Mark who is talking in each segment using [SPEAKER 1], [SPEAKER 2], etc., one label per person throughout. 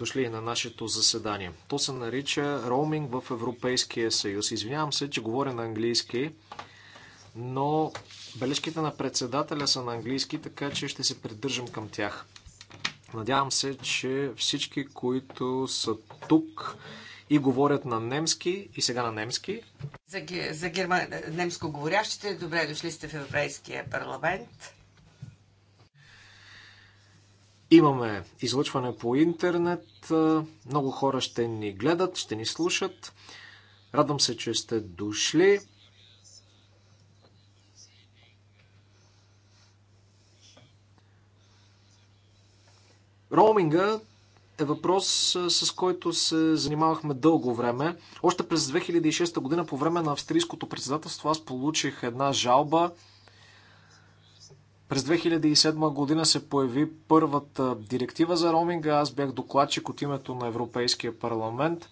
[SPEAKER 1] дошли на нашето заседание. То се нарича роуминг в Европейския съюз. Извинявам се, че говоря на английски, но бележките на председателя са на английски, така че ще се придържам към тях. Надявам се, че всички, които са тук и говорят на немски, и сега на немски.
[SPEAKER 2] За, за герма... немско говорящите, добре дошли сте в Европейския парламент.
[SPEAKER 1] Имаме излъчване по интернет. Много хора ще ни гледат, ще ни слушат. Радвам се, че сте дошли. Роуминга е въпрос, с който се занимавахме дълго време. Още през 2006 година, по време на австрийското председателство, аз получих една жалба през 2007 година се появи първата директива за роуминга. Аз бях докладчик от името на Европейския парламент.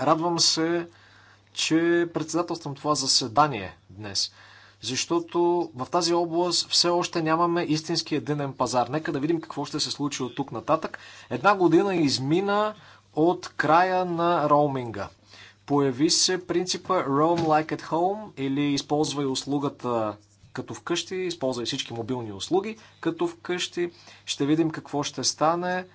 [SPEAKER 1] Радвам се, че председателствам това заседание днес, защото в тази област все още нямаме истински единен пазар. Нека да видим какво ще се случи от тук нататък. Една година измина от края на роуминга. Появи се принципа Roam Like at Home или използвай услугата като вкъщи, използвай всички мобилни услуги, като вкъщи. Ще видим какво ще стане,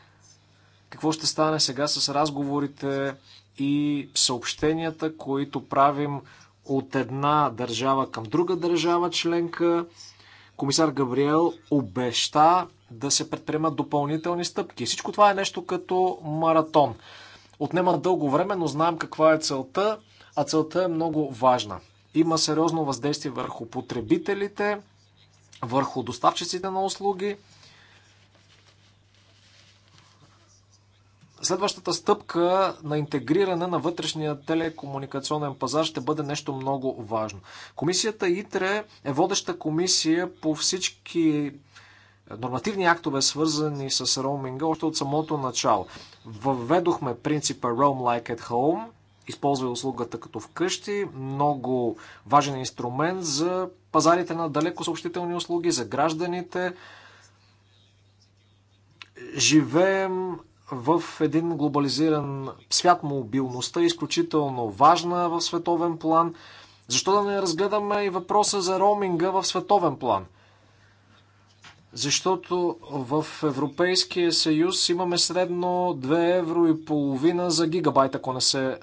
[SPEAKER 1] какво ще стане сега с разговорите и съобщенията, които правим от една държава към друга държава членка. Комисар Габриел обеща да се предприемат допълнителни стъпки. Всичко това е нещо като маратон. Отнема дълго време, но знаем каква е целта, а целта е много важна има сериозно въздействие върху потребителите, върху доставчиците на услуги. Следващата стъпка на интегриране на вътрешния телекомуникационен пазар ще бъде нещо много важно. Комисията ИТРЕ е водеща комисия по всички нормативни актове, свързани с роуминга, още от самото начало. Въведохме принципа Roam Like at Home използва услугата като вкъщи. Много важен инструмент за пазарите на далеко съобщителни услуги, за гражданите. Живеем в един глобализиран свят. Мобилността е изключително важна в световен план. Защо да не разгледаме и въпроса за роуминга в световен план? Защото в Европейския съюз имаме средно 2 евро и половина за гигабайт, ако не се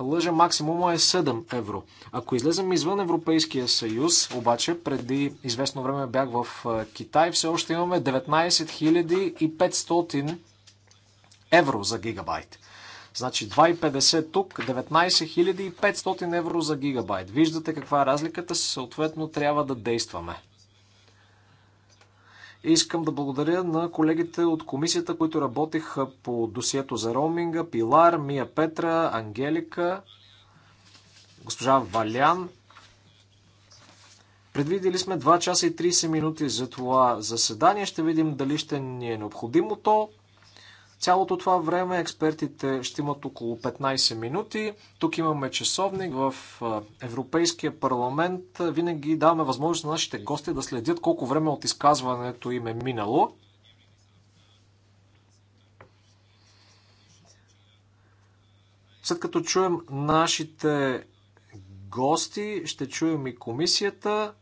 [SPEAKER 1] лъжа, максимума е 7 евро. Ако излезем извън Европейския съюз, обаче преди известно време бях в Китай, все още имаме 19 500 евро за гигабайт. Значи 2,50 тук, 19 500 евро за гигабайт. Виждате каква е разликата, съответно трябва да действаме. Искам да благодаря на колегите от комисията, които работиха по досието за роуминга. Пилар, Мия Петра, Ангелика, госпожа Валян. Предвидели сме 2 часа и 30 минути за това заседание. Ще видим дали ще ни е необходимо то. Цялото това време експертите ще имат около 15 минути. Тук имаме часовник в Европейския парламент. Винаги даваме възможност на нашите гости да следят колко време от изказването им е минало. След като чуем нашите гости, ще чуем и комисията.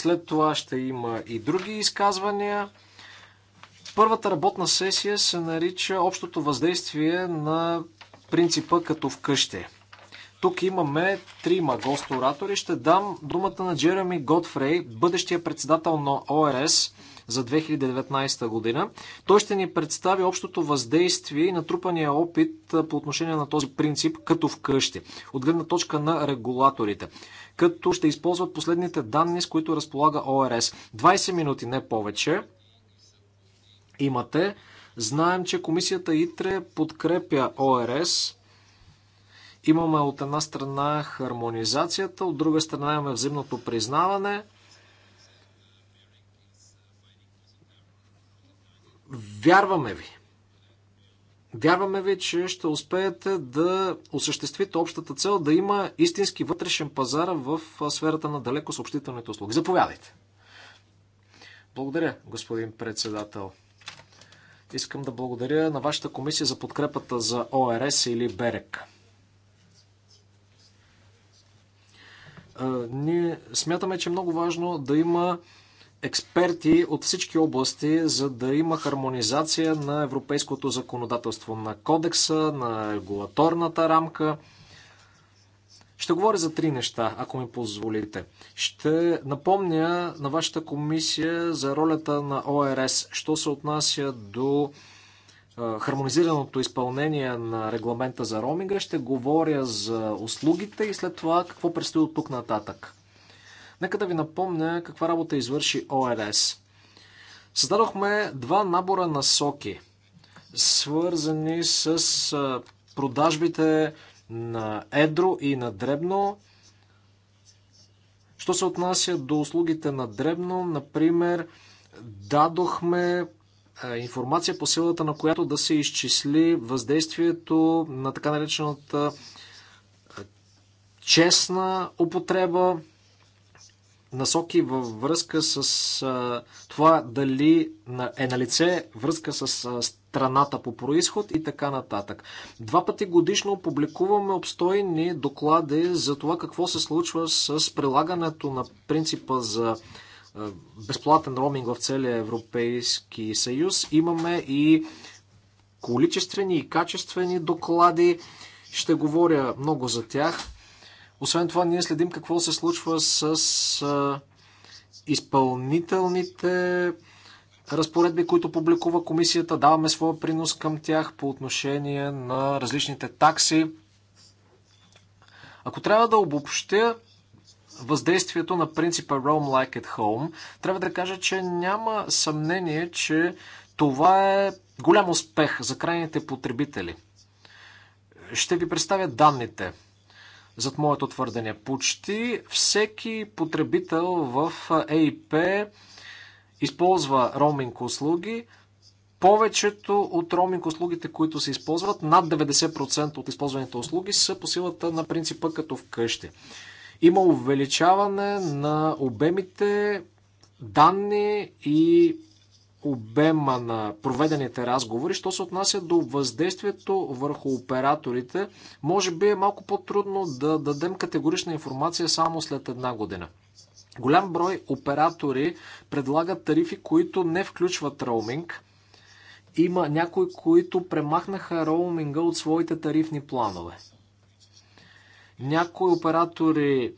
[SPEAKER 1] След това ще има и други изказвания. Първата работна сесия се нарича Общото въздействие на принципа като вкъщи. Тук имаме трима гост-оратори. Ще дам думата на Джереми Готфрей, бъдещия председател на ОРС – за 2019 година. Той ще ни представи общото въздействие и натрупания опит по отношение на този принцип като вкъщи, от гледна точка на регулаторите, като ще използват последните данни, с които разполага ОРС. 20 минути, не повече. Имате. Знаем, че комисията ИТРЕ подкрепя ОРС. Имаме от една страна хармонизацията, от друга страна имаме взаимното признаване – Вярваме ви. Вярваме ви, че ще успеете да осъществите общата цел да има истински вътрешен пазар в сферата на далеко съобщителните услуги. Заповядайте. Благодаря, господин председател. Искам да благодаря на вашата комисия за подкрепата за ОРС или БЕРЕК. Ние смятаме, че е много важно да има експерти от всички области, за да има хармонизация на европейското законодателство, на кодекса, на регулаторната рамка. Ще говоря за три неща, ако ми позволите. Ще напомня на вашата комисия за ролята на ОРС, що се отнася до хармонизираното изпълнение на регламента за роминга. Ще говоря за услугите и след това какво предстои от тук нататък. Нека да ви напомня каква работа извърши ОЛС. Създадохме два набора насоки, свързани с продажбите на едро и на дребно. Що се отнася до услугите на дребно, например, дадохме информация по силата на която да се изчисли въздействието на така наречената честна употреба насоки във връзка с а, това дали е на лице връзка с а, страната по происход и така нататък. Два пъти годишно публикуваме обстойни доклади за това какво се случва с прилагането на принципа за а, безплатен роуминг в целия Европейски съюз. Имаме и количествени и качествени доклади. Ще говоря много за тях. Освен това, ние следим какво се случва с изпълнителните разпоредби, които публикува комисията. Даваме своя принос към тях по отношение на различните такси. Ако трябва да обобщя въздействието на принципа Roam Like at Home, трябва да кажа, че няма съмнение, че това е голям успех за крайните потребители. Ще ви представя данните зад моето твърдение. Почти всеки потребител в ЕИП използва роуминг услуги. Повечето от роуминг услугите, които се използват, над 90% от използваните услуги са по силата на принципа като вкъщи. Има увеличаване на обемите данни и обема на проведените разговори. Що се отнася до въздействието върху операторите, може би е малко по-трудно да дадем категорична информация само след една година. Голям брой оператори предлагат тарифи, които не включват роуминг. Има някои, които премахнаха роуминга от своите тарифни планове. Някои оператори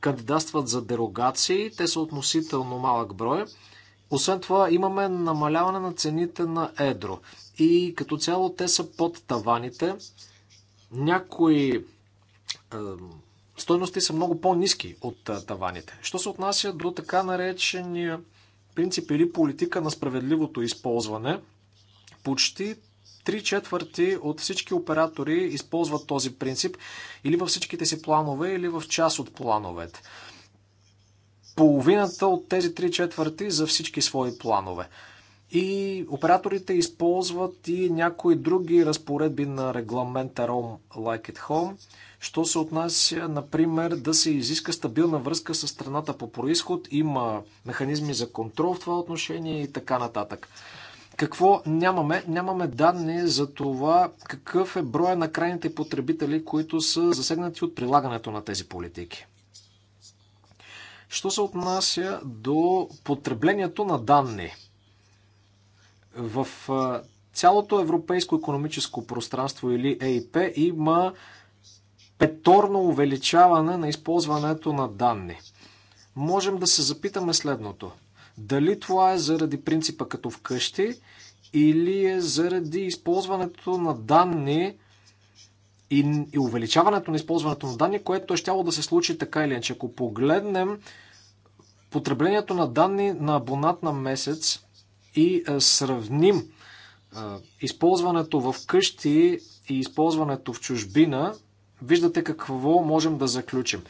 [SPEAKER 1] кандидатстват за дерогации, те са относително малък брой. Освен това, имаме намаляване на цените на едро. И като цяло те са под таваните. Някои е, стойности са много по-низки от е, таваните. Що се отнася до така наречения принцип или политика на справедливото използване, почти три четвърти от всички оператори използват този принцип или във всичките си планове, или в част от плановете половината от тези три четвърти за всички свои планове. И операторите използват и някои други разпоредби на регламента Roam Like at Home, що се отнася, например, да се изиска стабилна връзка с страната по происход, има механизми за контрол в това отношение и така нататък. Какво нямаме? Нямаме данни за това какъв е броя на крайните потребители, които са засегнати от прилагането на тези политики. Що се отнася до потреблението на данни? В цялото европейско економическо пространство или ЕИП има петорно увеличаване на използването на данни. Можем да се запитаме следното. Дали това е заради принципа като вкъщи или е заради използването на данни и, и увеличаването на използването на данни, което е щяло да се случи така или иначе. Ако погледнем потреблението на данни на абонат на месец и а, е, сравним а, е, използването в къщи и използването в чужбина, виждате какво можем да заключим.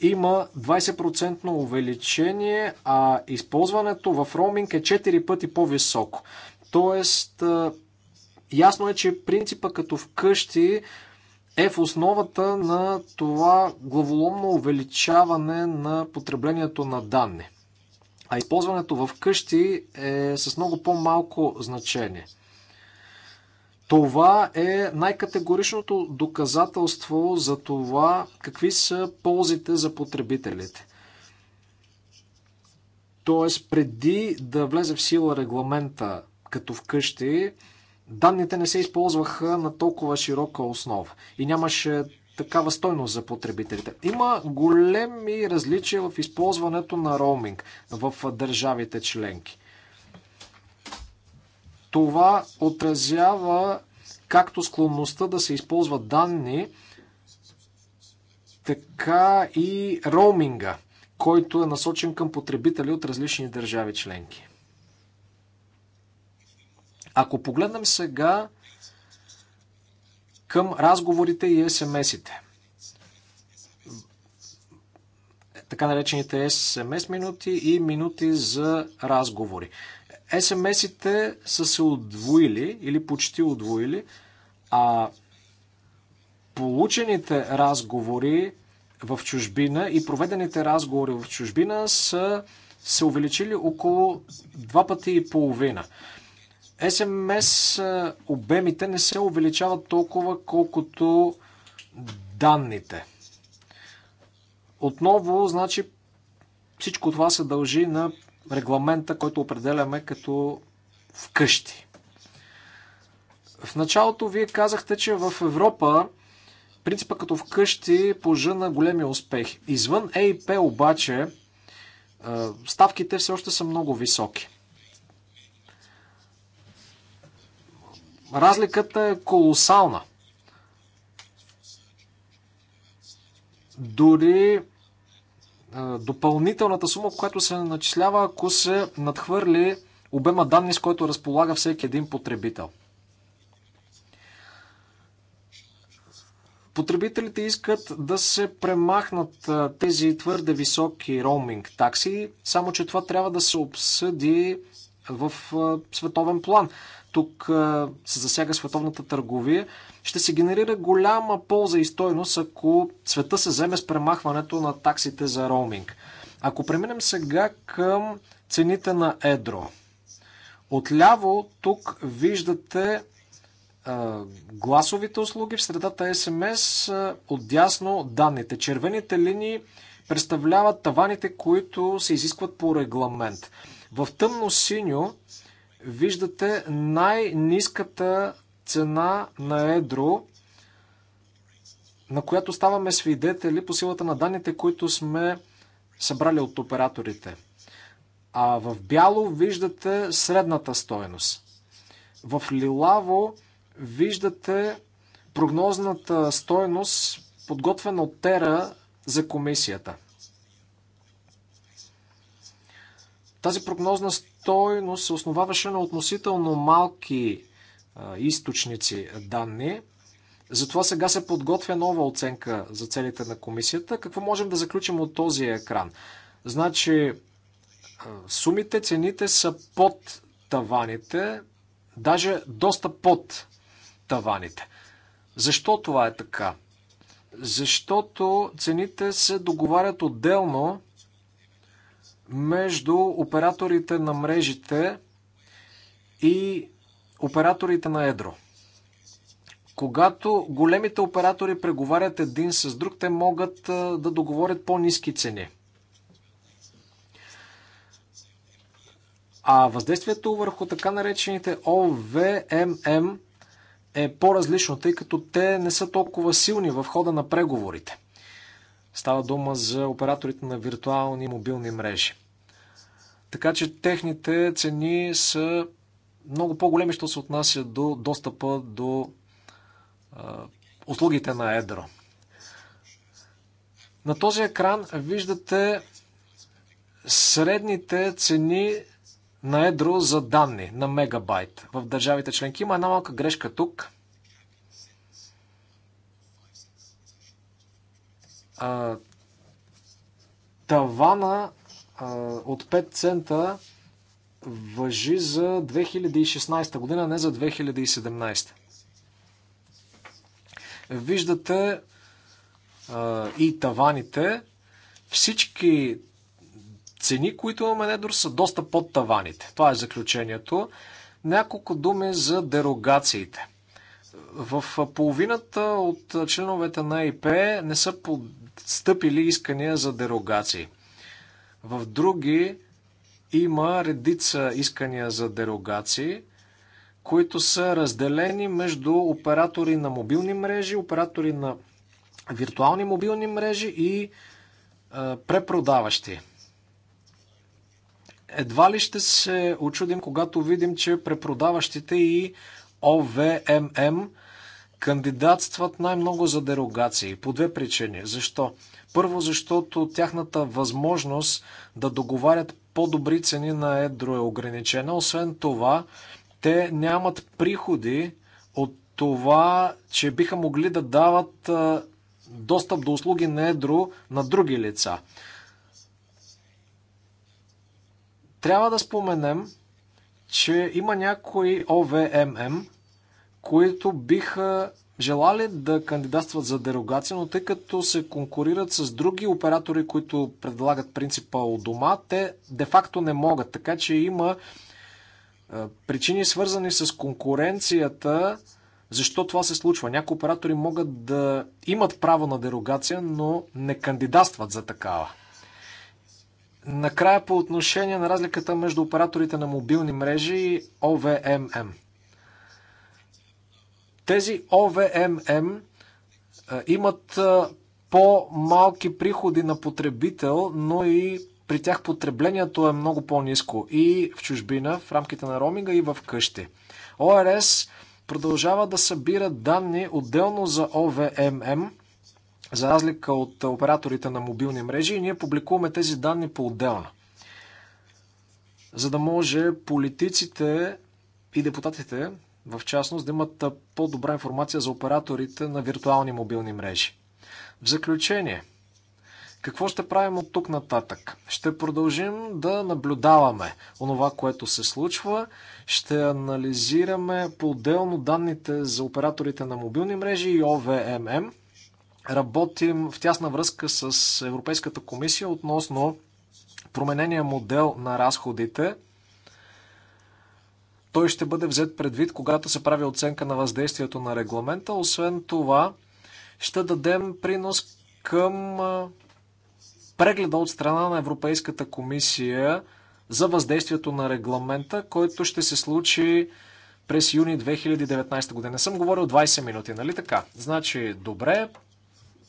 [SPEAKER 1] Има 20% увеличение, а използването в роуминг е 4 пъти по-високо. Тоест, а, е, ясно е, че принципа като вкъщи е в основата на това главоломно увеличаване на потреблението на данни. А използването в къщи е с много по-малко значение. Това е най-категоричното доказателство за това какви са ползите за потребителите. Тоест, преди да влезе в сила регламента като вкъщи, данните не се използваха на толкова широка основа и нямаше такава стойност за потребителите. Има големи различия в използването на роуминг в държавите членки. Това отразява както склонността да се използват данни, така и роуминга, който е насочен към потребители от различни държави членки. Ако погледнем сега към разговорите и СМС-ите, така наречените СМС минути и минути за разговори. СМС-ите са се отвоили или почти отвоили, а получените разговори в чужбина и проведените разговори в чужбина са се увеличили около два пъти и половина. SMS обемите не се увеличават толкова, колкото данните. Отново, значи, всичко това се дължи на регламента, който определяме като вкъщи. В началото вие казахте, че в Европа принципа като вкъщи на големи успехи. Извън ЕИП обаче ставките все още са много високи. Разликата е колосална. Дори допълнителната сума, която се начислява, ако се надхвърли обема данни, с който разполага всеки един потребител. Потребителите искат да се премахнат тези твърде високи роуминг такси, само че това трябва да се обсъди в световен план тук се засяга световната търговия, ще се генерира голяма полза и стойност, ако света се вземе с премахването на таксите за роуминг. Ако преминем сега към цените на едро. Отляво тук виждате гласовите услуги, в средата СМС, отдясно данните. Червените линии представляват таваните, които се изискват по регламент. В тъмно синьо виждате най-низката цена на едро, на която ставаме свидетели по силата на данните, които сме събрали от операторите. А в бяло виждате средната стоеност. В лилаво виждате прогнозната стоеност, подготвена от Тера за комисията. Тази прогнозна стоеност стойност се основаваше на относително малки източници данни. Затова сега се подготвя нова оценка за целите на комисията. Какво можем да заключим от този екран? Значи, сумите, цените са под таваните, даже доста под таваните. Защо това е така? Защото цените се договарят отделно между операторите на мрежите и операторите на едро. Когато големите оператори преговарят един с друг, те могат да договорят по-низки цени. А въздействието върху така наречените ОВММ е по-различно, тъй като те не са толкова силни в хода на преговорите. Става дума за операторите на виртуални мобилни мрежи. Така че техните цени са много по-големи, що се отнася до достъпа до услугите на Едро. На този екран виждате средните цени на Едро за данни на мегабайт в държавите членки. Има една малка грешка тук. а, тавана а, от 5 цента въжи за 2016 година, не за 2017. Виждате а, и таваните. Всички цени, които имаме недор, са доста под таваните. Това е заключението. Няколко думи за дерогациите. В половината от членовете на ИП не са подстъпили искания за дерогации. В други има редица искания за дерогации, които са разделени между оператори на мобилни мрежи, оператори на виртуални мобилни мрежи и е, препродаващи. Едва ли ще се очудим, когато видим, че препродаващите и ОВММ кандидатстват най-много за дерогации по две причини. Защо? Първо, защото тяхната възможност да договарят по-добри цени на едро е ограничена. Освен това, те нямат приходи от това, че биха могли да дават достъп до услуги на едро на други лица. Трябва да споменем, че има някои ОВММ, които биха желали да кандидатстват за дерогация, но тъй като се конкурират с други оператори, които предлагат принципа от дома, те де-факто не могат. Така че има е, причини свързани с конкуренцията, защо това се случва. Някои оператори могат да имат право на дерогация, но не кандидатстват за такава. Накрая по отношение на разликата между операторите на мобилни мрежи и ОВММ. Тези ОВММ имат по-малки приходи на потребител, но и при тях потреблението е много по-низко и в чужбина, в рамките на роминга и в къщи. ОРС продължава да събира данни отделно за ОВММ, за разлика от операторите на мобилни мрежи и ние публикуваме тези данни по-отделно. За да може политиците и депутатите в частност да имат по-добра информация за операторите на виртуални мобилни мрежи. В заключение, какво ще правим от тук нататък? Ще продължим да наблюдаваме онова, което се случва, ще анализираме по-отделно данните за операторите на мобилни мрежи и ОВММ. Работим в тясна връзка с Европейската комисия относно променения модел на разходите – той ще бъде взет предвид, когато се прави оценка на въздействието на регламента. Освен това, ще дадем принос към прегледа от страна на Европейската комисия за въздействието на регламента, който ще се случи през юни 2019 година. Не съм говорил 20 минути, нали така? Значи, добре,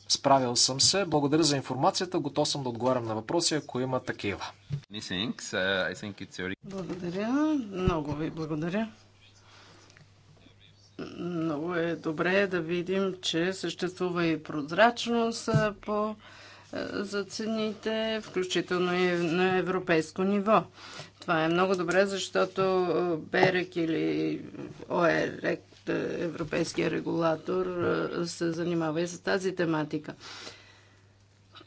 [SPEAKER 1] Справил съм се. Благодаря за информацията. Готов съм да отговарям на въпроси, ако има такива.
[SPEAKER 3] Uh, благодаря. Много ви благодаря. Много е добре да видим, че съществува и прозрачност по, за цените, включително и на европейско ниво. Това е много добре, защото БЕРЕК или ОЕРЕК европейския регулатор се занимава и с тази тематика.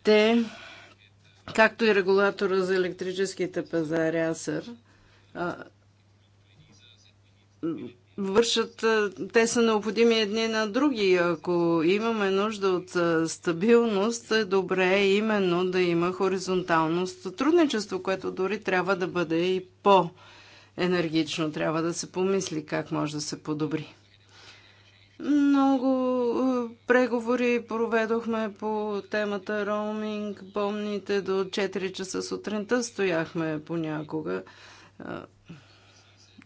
[SPEAKER 3] Те, както и регулатора за електрическите пазари АСЕР, вършат, те са необходими едни на други. Ако имаме нужда от стабилност, е добре именно да има хоризонталност. трудничество, което дори трябва да бъде и по-енергично. Трябва да се помисли как може да се подобри. Много е, преговори проведохме по темата роуминг. Помните, до 4 часа сутринта стояхме понякога. Е,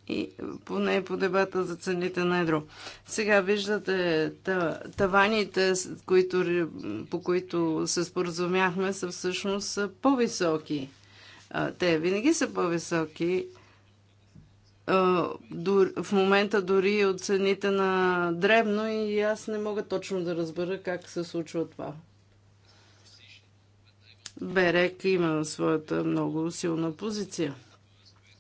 [SPEAKER 3] и поне по дебата за цените на едро. Сега виждате таваните, които, по които се споразумяхме, са всъщност по-високи. Те винаги са по-високи в момента дори от цените на дребно и аз не мога точно да разбера как се случва това. Берек има своята много силна позиция.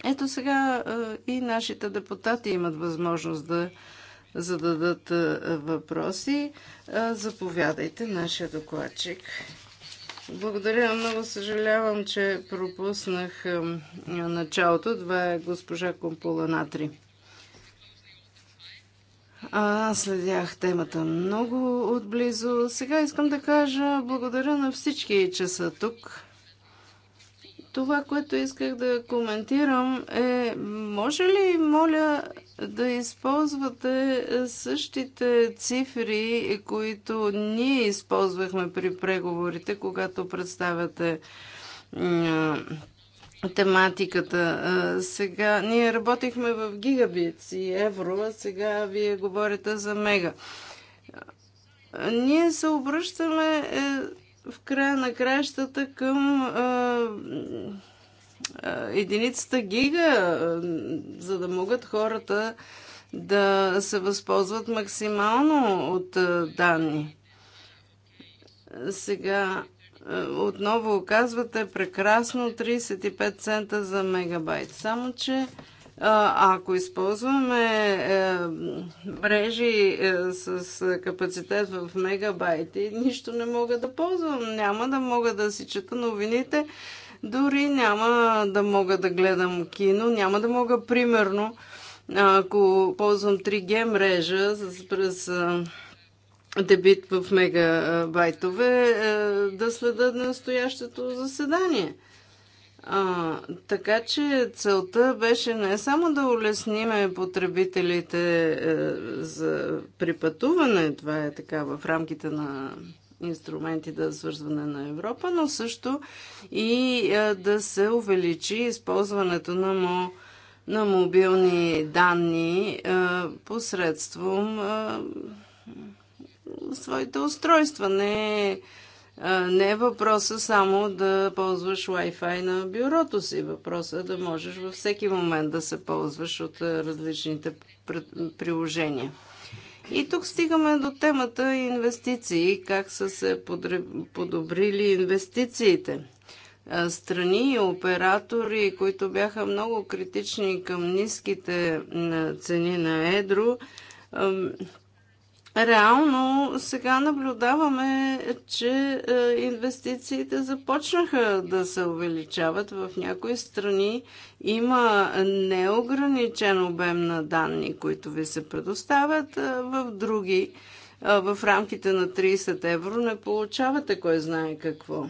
[SPEAKER 3] Ето сега и нашите депутати имат възможност да зададат въпроси. Заповядайте, нашия докладчик. Благодаря. Много съжалявам, че пропуснах началото. Това е госпожа Компула Натри. А, следях темата много отблизо. Сега искам да кажа благодаря на всички, че са тук. Това, което исках да коментирам е, може ли, моля, да използвате същите цифри, които ние използвахме при преговорите, когато представяте тематиката. Сега ние работихме в гигабит и евро, а сега вие говорите за мега. Ние се обръщаме е, в края на краищата към а, а, единицата гига, за да могат хората да се възползват максимално от а, данни. Сега отново оказвате прекрасно 35 цента за мегабайт. Само, че ако използваме е, мрежи е, с капацитет в мегабайти, нищо не мога да ползвам. Няма да мога да си чета новините, дори няма да мога да гледам кино, няма да мога, примерно, ако ползвам 3G мрежа през дебит в мегабайтове, е, да следа настоящето заседание. А, така че целта беше не само да улесниме потребителите е, за припътуване, това е така в рамките на инструменти за да свързване на Европа, но също и е, да се увеличи използването на, мо, на мобилни данни е, посредством е, своите устройства. Не е не е въпроса само да ползваш Wi-Fi на бюрото си. Въпросът е да можеш във всеки момент да се ползваш от различните приложения. И тук стигаме до темата инвестиции. Как са се подобрили инвестициите? Страни и оператори, които бяха много критични към ниските цени на едро, Реално сега наблюдаваме, че е, инвестициите започнаха да се увеличават. В някои страни има неограничен обем на данни, които ви се предоставят, е, в други е, в рамките на 30 евро не получавате кой знае какво.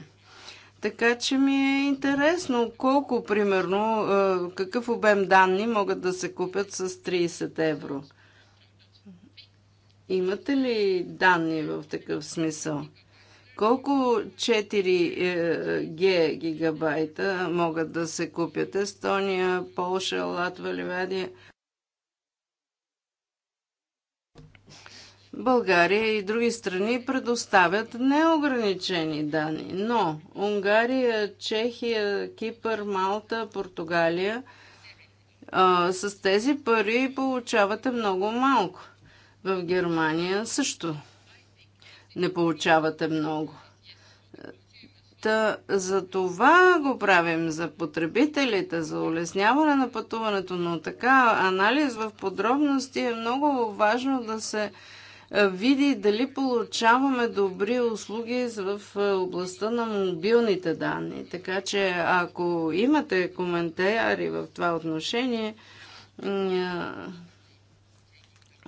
[SPEAKER 3] Така че ми е интересно колко, примерно, какъв обем данни могат да се купят с 30 евро. Имате ли данни в такъв смисъл? Колко 4G е, гигабайта могат да се купят? Естония, Полша, Латва, Ливадия? България и други страни предоставят неограничени данни, но Унгария, Чехия, Кипър, Малта, Португалия а, с тези пари получавате много малко. В Германия също не получавате много. Та, за това го правим за потребителите, за улесняване на пътуването, но така анализ в подробности е много важно да се е, види дали получаваме добри услуги в е, областта на мобилните данни. Така че ако имате коментари в това отношение, е,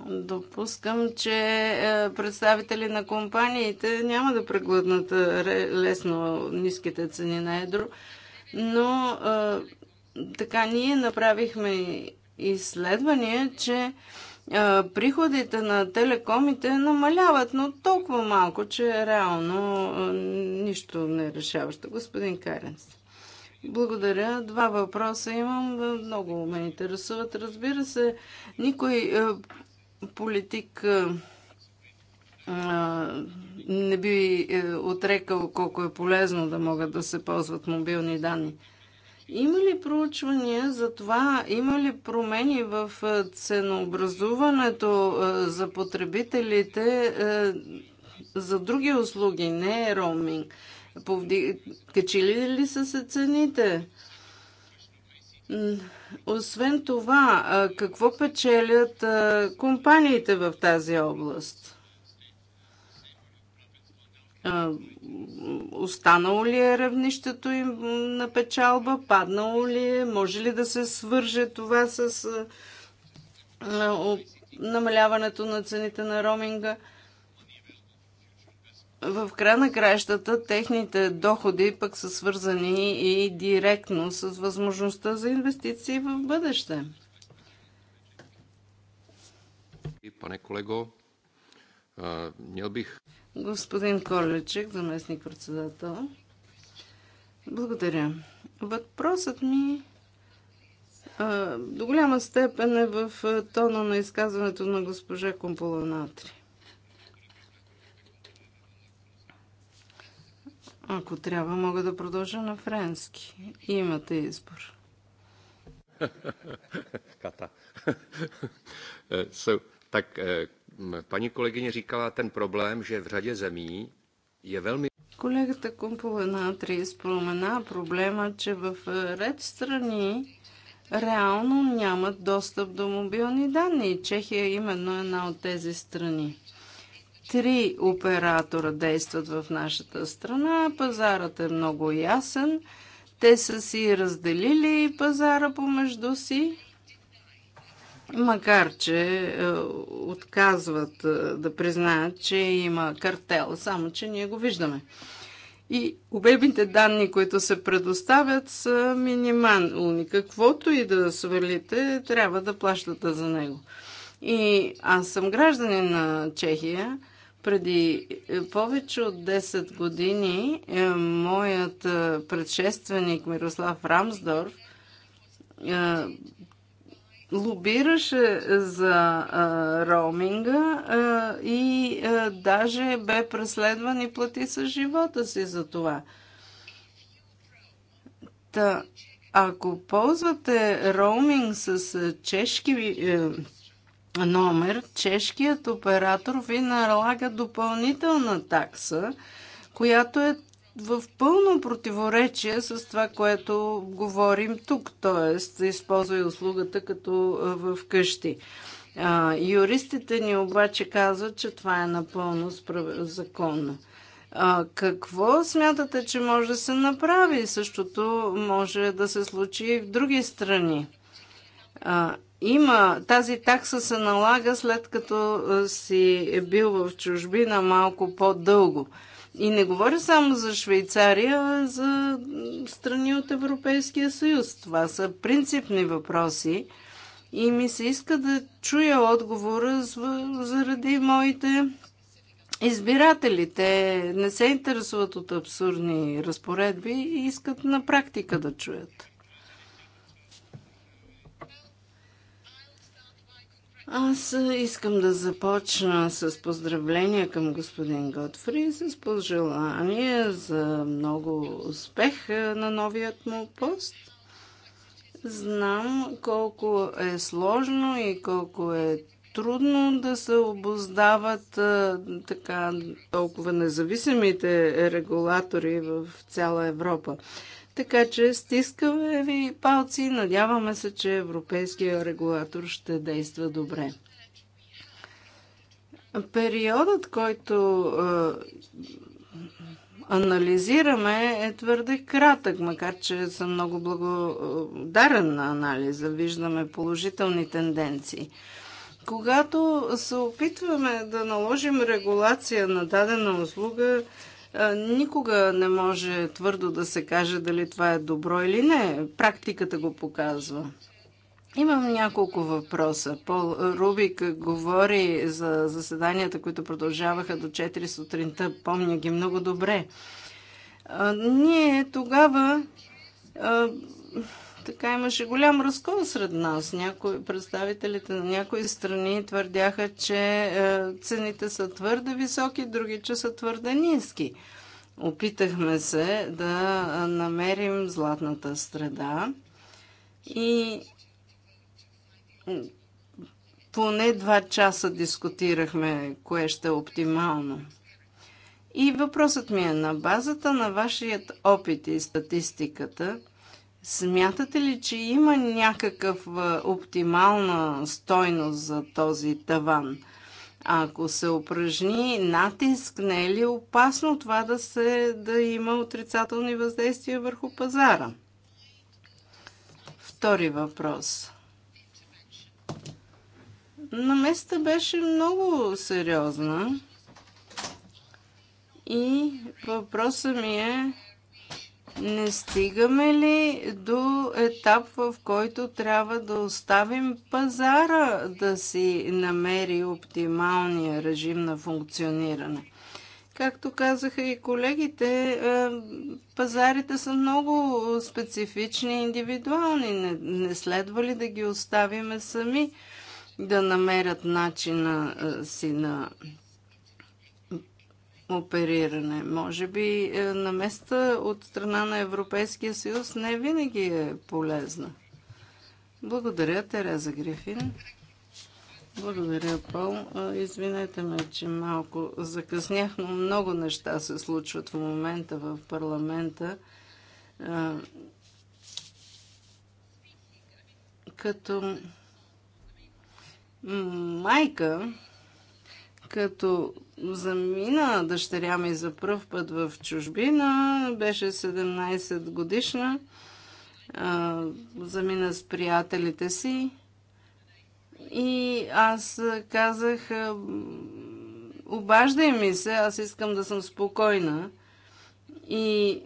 [SPEAKER 3] Допускам, че е, представители на компаниите няма да преглътнат е, лесно ниските цени на едро, но е, така ние направихме изследвания, че приходите на телекомите намаляват, но толкова малко, че реално нищо не е решаващо. Господин Каренс. Благодаря. Два въпроса имам. Много ме интересуват. Разбира се, никой политик не би е, отрекал колко е полезно да могат да се ползват мобилни данни. Има ли проучвания за това? Има ли промени в е, ценообразуването е, за потребителите за други услуги, не роуминг? Качили ли са се цените? Освен това, какво печелят компаниите в тази област? Останало ли е равнището им на печалба? Паднало ли е? Може ли да се свърже това с намаляването на цените на роминга? в края на краищата техните доходи пък са свързани и директно с възможността за инвестиции в бъдеще.
[SPEAKER 1] И пане колего, а, не бих...
[SPEAKER 3] Господин Колечек, заместник председател. Благодаря. Въпросът ми а, до голяма степен е в тона на изказването на госпожа Комполонатри. Ако трябва, мога да продължа на френски. Имате избор. Ката. Е, so, tak
[SPEAKER 1] paní е, kolegyně říkala ten problém, že v řadě zemí je velmi...
[SPEAKER 3] Колегата Кумпова Натри спомена проблема, че в е, ред страни реално нямат достъп до мобилни данни. Чехия е именно една от тези страни три оператора действат в нашата страна. Пазарът е много ясен. Те са си разделили пазара помежду си, макар че е, отказват е, да признаят, че има картел, само че ние го виждаме. И обебните данни, които се предоставят, са минимални. Каквото и да свалите, трябва да плащате за него. И аз съм гражданин на Чехия преди е, повече от 10 години е, моят е, предшественик Мирослав Рамсдорф лобираше за роуминга и даже бе преследван и плати с живота си за това. Та, ако ползвате роуминг с чешки номер, чешкият оператор ви налага допълнителна такса, която е в пълно противоречие с това, което говорим тук, т.е. използвай услугата като в къщи. юристите ни обаче казват, че това е напълно законно. А, какво смятате, че може да се направи? Същото може да се случи и в други страни. А, има, тази такса се налага след като си е бил в чужбина малко по-дълго. И не говоря само за Швейцария, а за страни от Европейския съюз. Това са принципни въпроси и ми се иска да чуя отговора заради моите избиратели. Те не се интересуват от абсурдни разпоредби и искат на практика да чуят. Аз искам да започна с поздравления към господин Готфри, с пожелание за много успех е, на новият му пост. Знам колко е сложно и колко е трудно да се обоздават е, така толкова независимите регулатори в цяла Европа. Така че стискаме ви палци, надяваме се, че европейския регулатор ще действа добре. Периодът, който анализираме е твърде кратък, макар че съм много благодарен на анализа. Виждаме положителни тенденции. Когато се опитваме да наложим регулация на дадена услуга, Никога не може твърдо да се каже дали това е добро или не. Практиката го показва. Имам няколко въпроса. Пол Рубик говори за заседанията, които продължаваха до 4 сутринта. Помня ги много добре. ние тогава така имаше голям разкол сред нас. Някои, представителите на някои страни твърдяха, че е, цените са твърде високи, други, че са твърде ниски. Опитахме се да е, намерим златната среда и поне два часа дискутирахме кое ще е оптимално. И въпросът ми е на базата на вашият опит и статистиката – Смятате ли, че има някакъв е, оптимална стойност за този таван? Ако се упражни натиск, не е ли опасно това да, се, да има отрицателни въздействия върху пазара? Втори въпрос. Наместа беше много сериозна и въпросът ми е не стигаме ли до етап, в който трябва да оставим пазара да си намери оптималния режим на функциониране? Както казаха и колегите, е, пазарите са много специфични и индивидуални. Не, не следва ли да ги оставиме сами да намерят начина е, си на опериране. Може би е, наместа от страна на Европейския съюз не винаги е полезна. Благодаря, Тереза Грифин. Благодаря, Пол. Е, извинете ме, че малко закъснях, но много неща се случват в момента в парламента. Е, като майка, като замина дъщеря ми за първ път в чужбина. Беше 17 годишна. Замина с приятелите си. И аз казах, обаждай ми се, аз искам да съм спокойна. И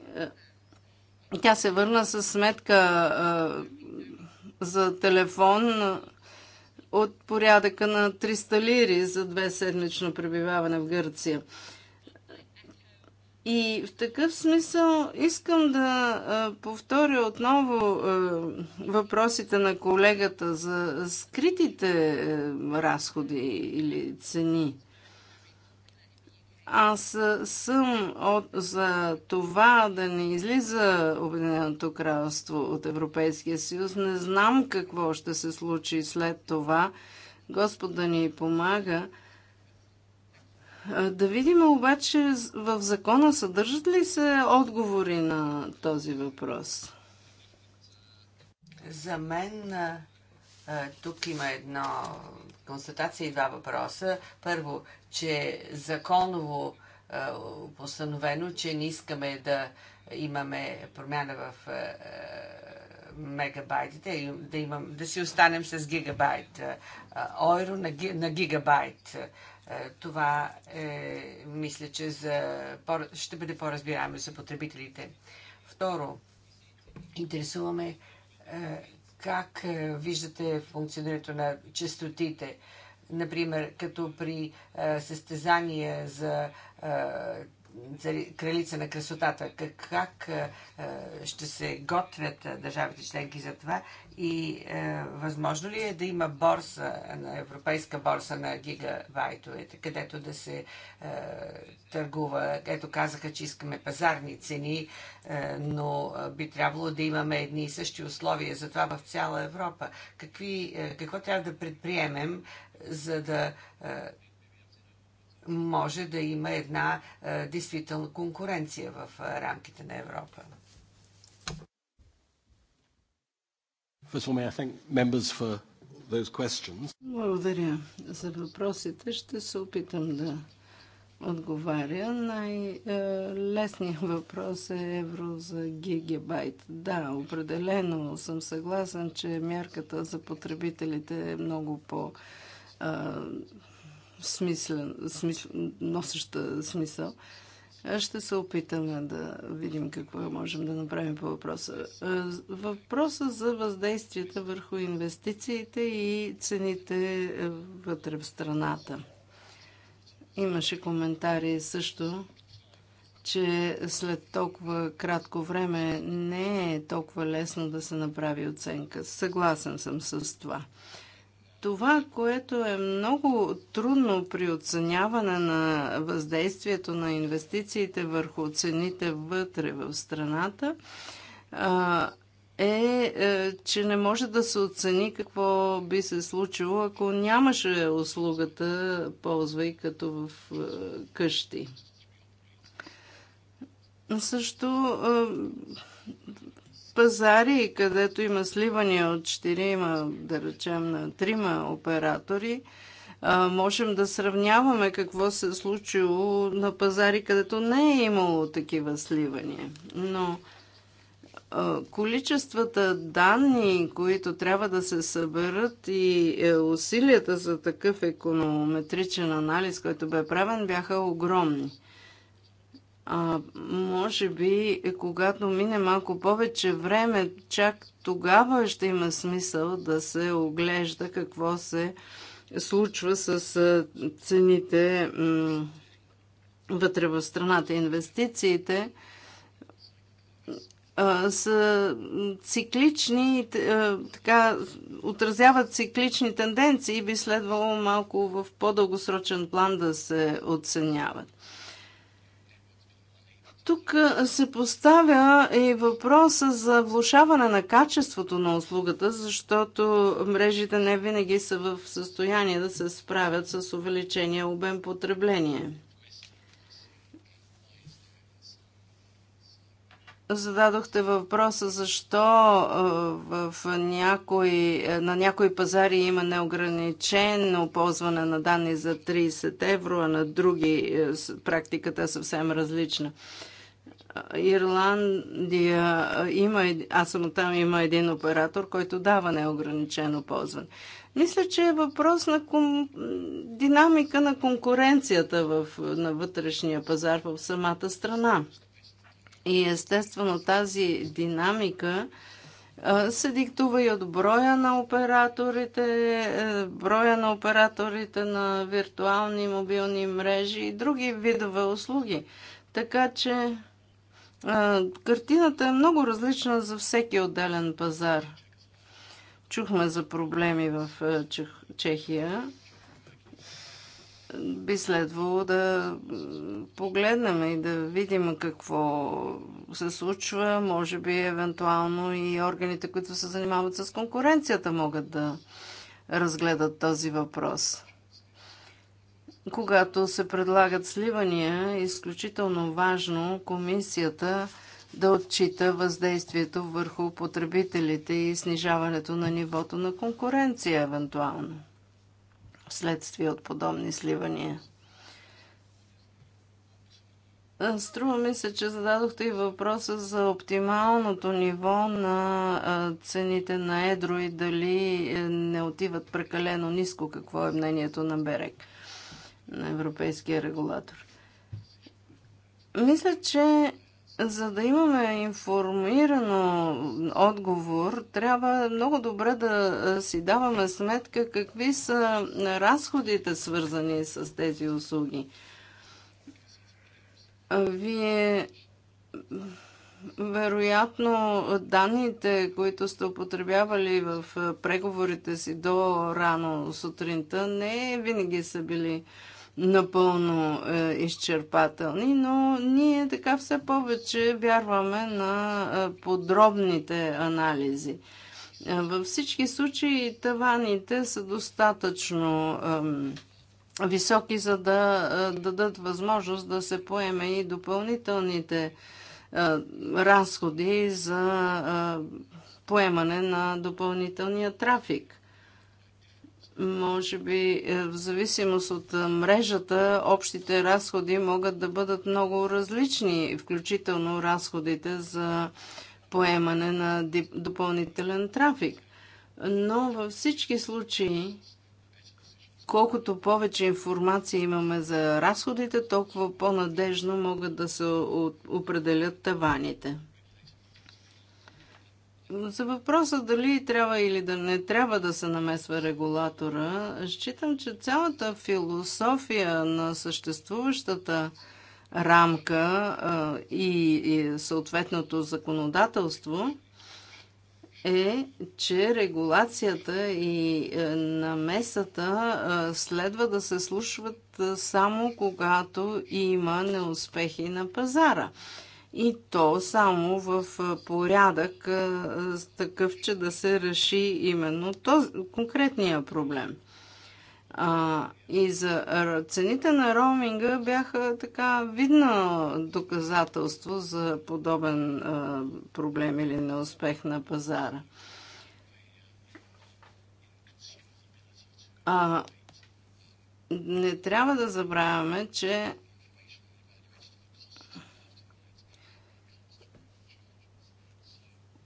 [SPEAKER 3] тя се върна с сметка за телефон от порядъка на 300 лири за две седмично пребиваване в Гърция. И в такъв смисъл искам да повторя отново въпросите на колегата за скритите разходи или цени. Аз съм от, за това да не излиза Обединеното кралство от Европейския съюз. Не знам какво ще се случи след това. Господ да ни помага. Да видим обаче в закона съдържат ли се отговори на този въпрос.
[SPEAKER 2] За мен тук има едно и два въпроса. Първо, че законово е, постановено, че не искаме да имаме промяна в е, е, мегабайтите, да, имам, да си останем с гигабайт, ойро на, на гигабайт. Това е, мисля, че за, ще бъде по-разбираемо за потребителите. Второ, интересуваме как е, виждате функционирането на частотите? Например, като при е, състезания за е, кралица на красотата. Как, как е, е, ще се готвят е, държавите членки за това и е, възможно ли е да има борса, на европейска борса на гигабайтовете, където да се е, търгува? Ето казаха, че искаме пазарни цени, е, но би трябвало да имаме едни и същи условия за това в цяла Европа. Какви, е, какво трябва да предприемем, за да е, може да има една е, действителна конкуренция в е, рамките на Европа.
[SPEAKER 3] Благодаря за въпросите. Ще се опитам да отговаря. Най-лесният въпрос е евро за гигабайт. Да, определено съм съгласен, че мярката за потребителите е много по- смислен, носеща смисъл. Ще се опитаме да видим какво можем да направим по въпроса. Е, въпроса за въздействията върху инвестициите и цените е, вътре в страната. Имаше коментари също, че след толкова кратко време не е толкова лесно да се направи оценка. Съгласен съм с това. Това, което е много трудно при оценяване на въздействието на инвестициите върху цените вътре в страната, е, е, че не може да се оцени какво би се случило, ако нямаше услугата, ползвай като в е, къщи. Също е, пазари, където има сливания от 4, да речем, на 3 оператори, можем да сравняваме какво се е случило на пазари, където не е имало такива сливания. Но количествата данни, които трябва да се съберат и е, усилията за такъв економетричен анализ, който бе правен, бяха огромни. А, може би, когато мине малко повече време, чак тогава ще има смисъл да се оглежда какво се случва с цените вътре в страната. Инвестициите са циклични, така, отразяват циклични тенденции и би следвало малко в по-дългосрочен план да се оценяват. Тук се поставя и въпроса за влушаване на качеството на услугата, защото мрежите не винаги са в състояние да се справят с увеличение обем потребление. зададохте въпроса защо в някой, на някои пазари има неограничено ползване на данни за 30 евро, а на други практиката е съвсем различна. Ирландия има, аз съм там, има един оператор, който дава неограничено ползване. Мисля, че е въпрос на ком... динамика на конкуренцията в, на вътрешния пазар в самата страна. И естествено тази динамика се диктува и от броя на операторите, е, броя на операторите на виртуални мобилни мрежи и други видове услуги. Така че Картината е много различна за всеки отделен пазар. Чухме за проблеми в Чехия. Би следвало да погледнем и да видим какво се случва. Може би, евентуално и органите, които се занимават с конкуренцията, могат да разгледат този въпрос когато се предлагат сливания, е изключително важно комисията да отчита въздействието върху потребителите и снижаването на нивото на конкуренция, евентуално, вследствие от подобни сливания. Струва ми се, че зададохте и въпроса за оптималното ниво на цените на едро и дали е, не отиват прекалено ниско, какво е мнението на Берек на европейския регулатор. Мисля, че за да имаме информирано отговор, трябва много добре да си даваме сметка какви са разходите свързани с тези услуги. Вие вероятно данните, които сте употребявали в преговорите си до рано сутринта, не винаги са били напълно е, изчерпателни, но ние така все повече вярваме на е, подробните анализи. Е, във всички случаи таваните са достатъчно е, високи, за да е, дадат възможност да се поеме и допълнителните е, разходи за е, поемане на допълнителния трафик може би е, в зависимост от е, мрежата, общите разходи могат да бъдат много различни, включително разходите за поемане на допълнителен трафик. Но във всички случаи, колкото повече информация имаме за разходите, толкова по-надежно могат да се определят таваните. За въпроса дали трябва или да не трябва да се намесва регулатора, считам, че цялата философия на съществуващата рамка и съответното законодателство е, че регулацията и е, намесата следва да се слушват само когато има неуспехи на пазара и то само в порядък такъв, че да се реши именно този конкретния проблем. А, и за цените на роуминга бяха така видно доказателство за подобен а, проблем или неуспех на пазара. А, не трябва да забравяме, че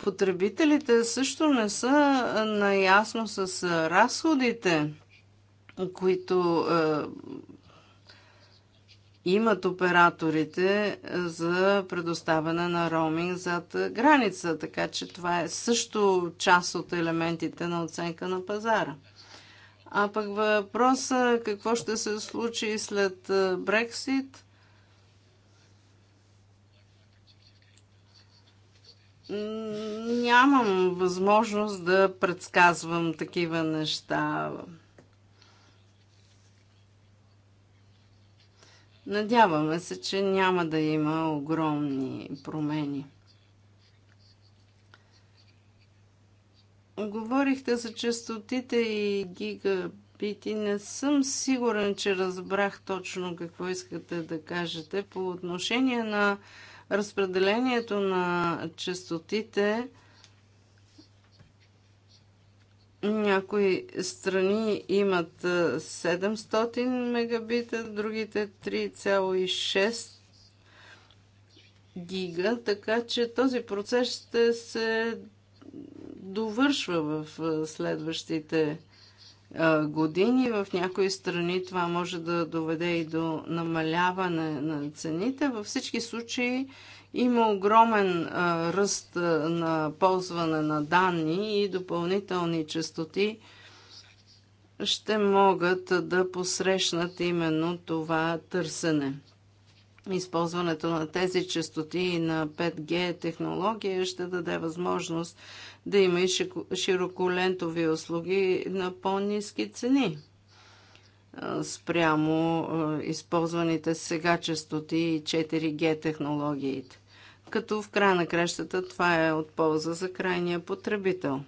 [SPEAKER 3] потребителите също не са наясно с разходите, които имат операторите за предоставяне на роуминг зад граница, така че това е също част от елементите на оценка на пазара. А пък въпроса какво ще се случи след Брексит, Нямам възможност да предсказвам такива неща. Надяваме се, че няма да има огромни промени. Говорихте за частотите и гигабити. Не съм сигурен, че разбрах точно какво искате да кажете по отношение на разпределението на частотите някои страни имат 700 мегабита, другите 3,6 гига, така че този процес ще се довършва в следващите години. В някои страни това може да доведе и до намаляване на цените. Във всички случаи има огромен ръст на ползване на данни и допълнителни частоти ще могат да посрещнат именно това търсене. Използването на тези частоти и на 5G технология ще даде възможност да има и широколентови услуги на по-низки цени спрямо използваните сега частоти и 4G технологиите. Като в края на кращата това е от полза за крайния потребител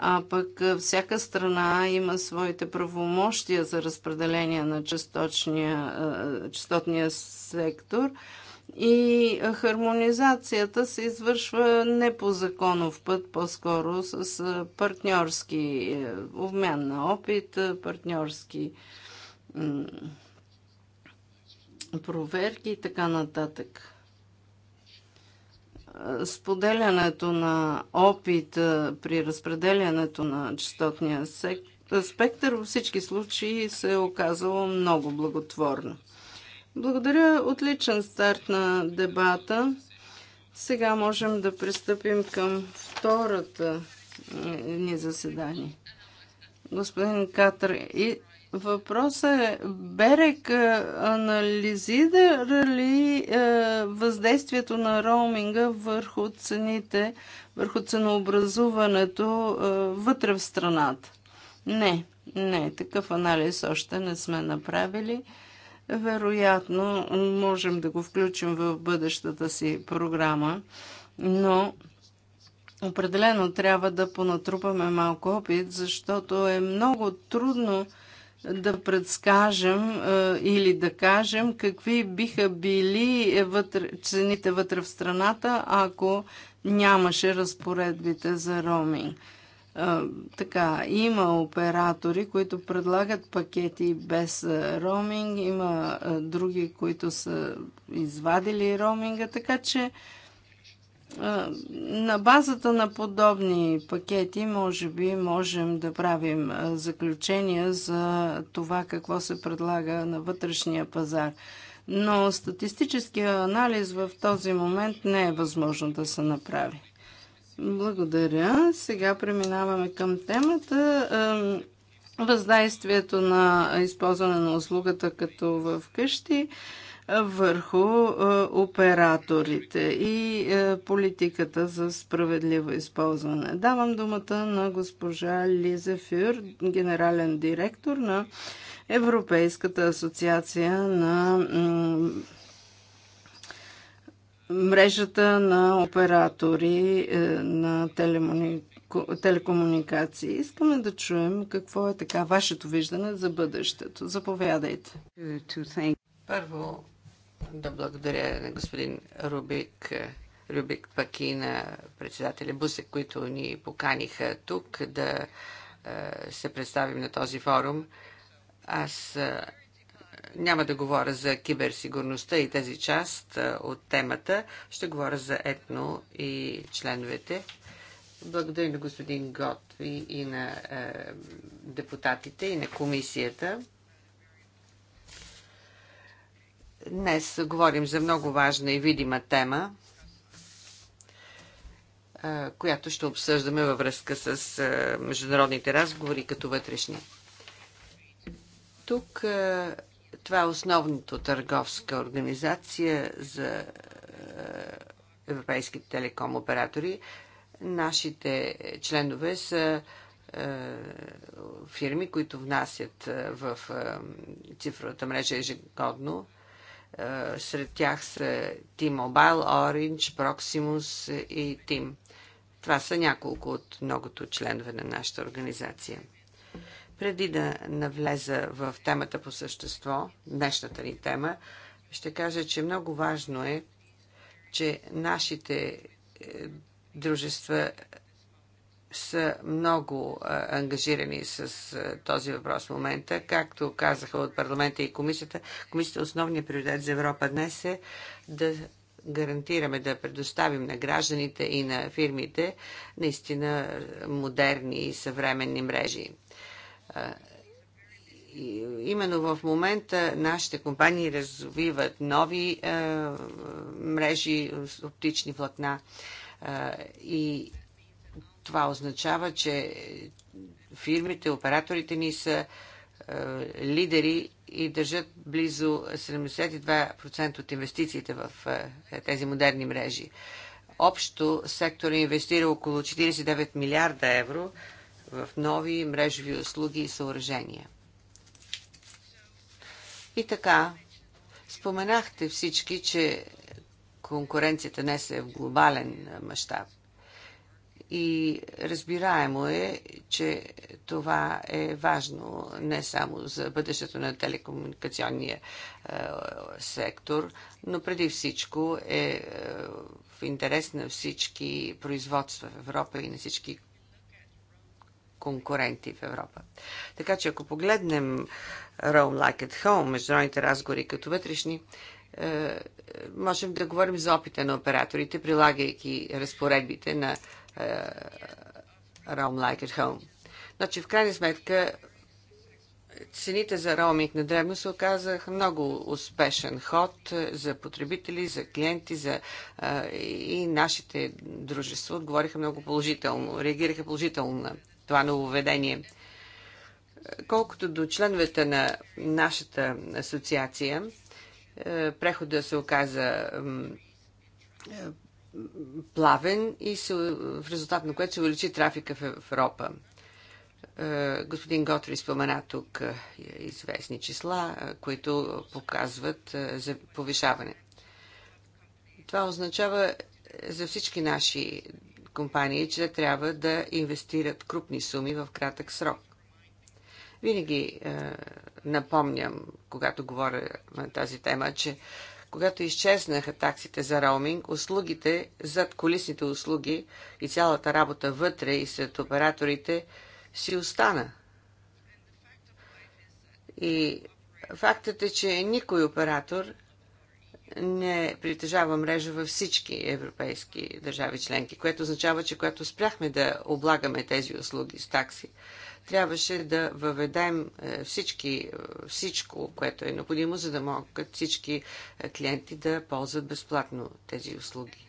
[SPEAKER 3] а пък всяка страна има своите правомощия за разпределение на частотния, частотния сектор и хармонизацията се извършва не по законов път, по-скоро с партньорски обмен на опит, партньорски проверки и така нататък споделянето на опит при разпределянето на частотния спектър във всички случаи се е оказало много благотворно. Благодаря. Отличен старт на дебата. Сега можем да пристъпим към втората ни заседание. Господин Катър Въпросът е, Берек анализира ли въздействието на роуминга върху цените, върху ценообразуването вътре в страната? Не, не, такъв анализ още не сме направили. Вероятно, можем да го включим в бъдещата си програма, но определено трябва да понатрупаме малко опит, защото е много трудно да предскажем или да кажем какви биха били вътре, цените вътре в страната, ако нямаше разпоредбите за роуминг. Така, има оператори, които предлагат пакети без роуминг, има други, които са извадили роуминга, така че на базата на подобни пакети, може би, можем да правим заключения за това какво се предлага на вътрешния пазар. Но статистическия анализ в този момент не е възможно да се направи. Благодаря. Сега преминаваме към темата въздействието на използване на услугата като в къщи върху е, операторите и е, политиката за справедливо използване. Давам думата на госпожа Лиза Фюр, генерален директор на Европейската асоциация на мрежата на оператори е, на телекомуникации. Искаме да чуем какво е така вашето виждане за бъдещето. Заповядайте.
[SPEAKER 2] Първо, да благодаря на господин Рубик, Рубик пък и на председателя Бусе, които ни поканиха тук да се представим на този форум. Аз няма да говоря за киберсигурността и тази част от темата. Ще говоря за етно и членовете. Благодаря на господин Готви и на е, депутатите и на комисията. Днес говорим за много важна и видима тема, която ще обсъждаме във връзка с международните разговори като вътрешни. Тук това е основното търговска организация за европейските телеком оператори. Нашите членове са фирми, които внасят в цифровата мрежа ежегодно е, сред тях са T-Mobile, Orange, Proximus и Team. Това са няколко от многото членове на нашата организация. Преди да навлеза в темата по същество, днешната ни тема, ще кажа, че много важно е, че нашите е, дружества са много а, ангажирани с а, този въпрос в момента. Както казаха от парламента и комисията, комисията основният приоритет за Европа днес е да гарантираме да предоставим на гражданите и на фирмите наистина модерни и съвременни мрежи. именно в момента нашите компании развиват нови мрежи, оптични влакна и това означава, че фирмите, операторите ни са е, лидери и държат близо 72% от инвестициите в е, тези модерни мрежи. Общо сектора е инвестира около 49 милиарда евро в нови мрежови услуги и съоръжения. И така, споменахте всички, че конкуренцията днес е в глобален мащаб и разбираемо е, че това е важно не само за бъдещето на телекомуникационния е, сектор, но преди всичко е, е, в интерес на всички производства в Европа и на всички конкуренти в Европа. Така че ако погледнем Rome Like at Home, международните разговори като вътрешни, е, можем да говорим за опита на операторите, прилагайки разпоредбите на е, е, Roam Like at Home. Значи, в крайна сметка, цените за роуминг на древно се оказах много успешен ход за потребители, за клиенти, за а, е, и нашите дружества отговориха много положително, реагираха положително на това нововведение. Колкото до членовете на нашата асоциация, прехода се оказа плавен и се, в резултат на което се увеличи трафика в Европа. Е, господин Готри спомена тук е, известни числа, е, които показват за повишаване. Това означава за всички наши компании, че трябва да инвестират крупни суми в кратък срок. Винаги напомням, когато говоря на тази тема, че когато изчезнаха таксите за роуминг, услугите, зад колисните услуги и цялата работа вътре и сред операторите си остана. И фактът е, че никой оператор не притежава мрежа във всички европейски държави членки, което означава, че когато спряхме да облагаме тези услуги с такси, трябваше да въведем е, всички, е, всичко, което е необходимо, за да могат всички е, клиенти да ползват безплатно тези услуги.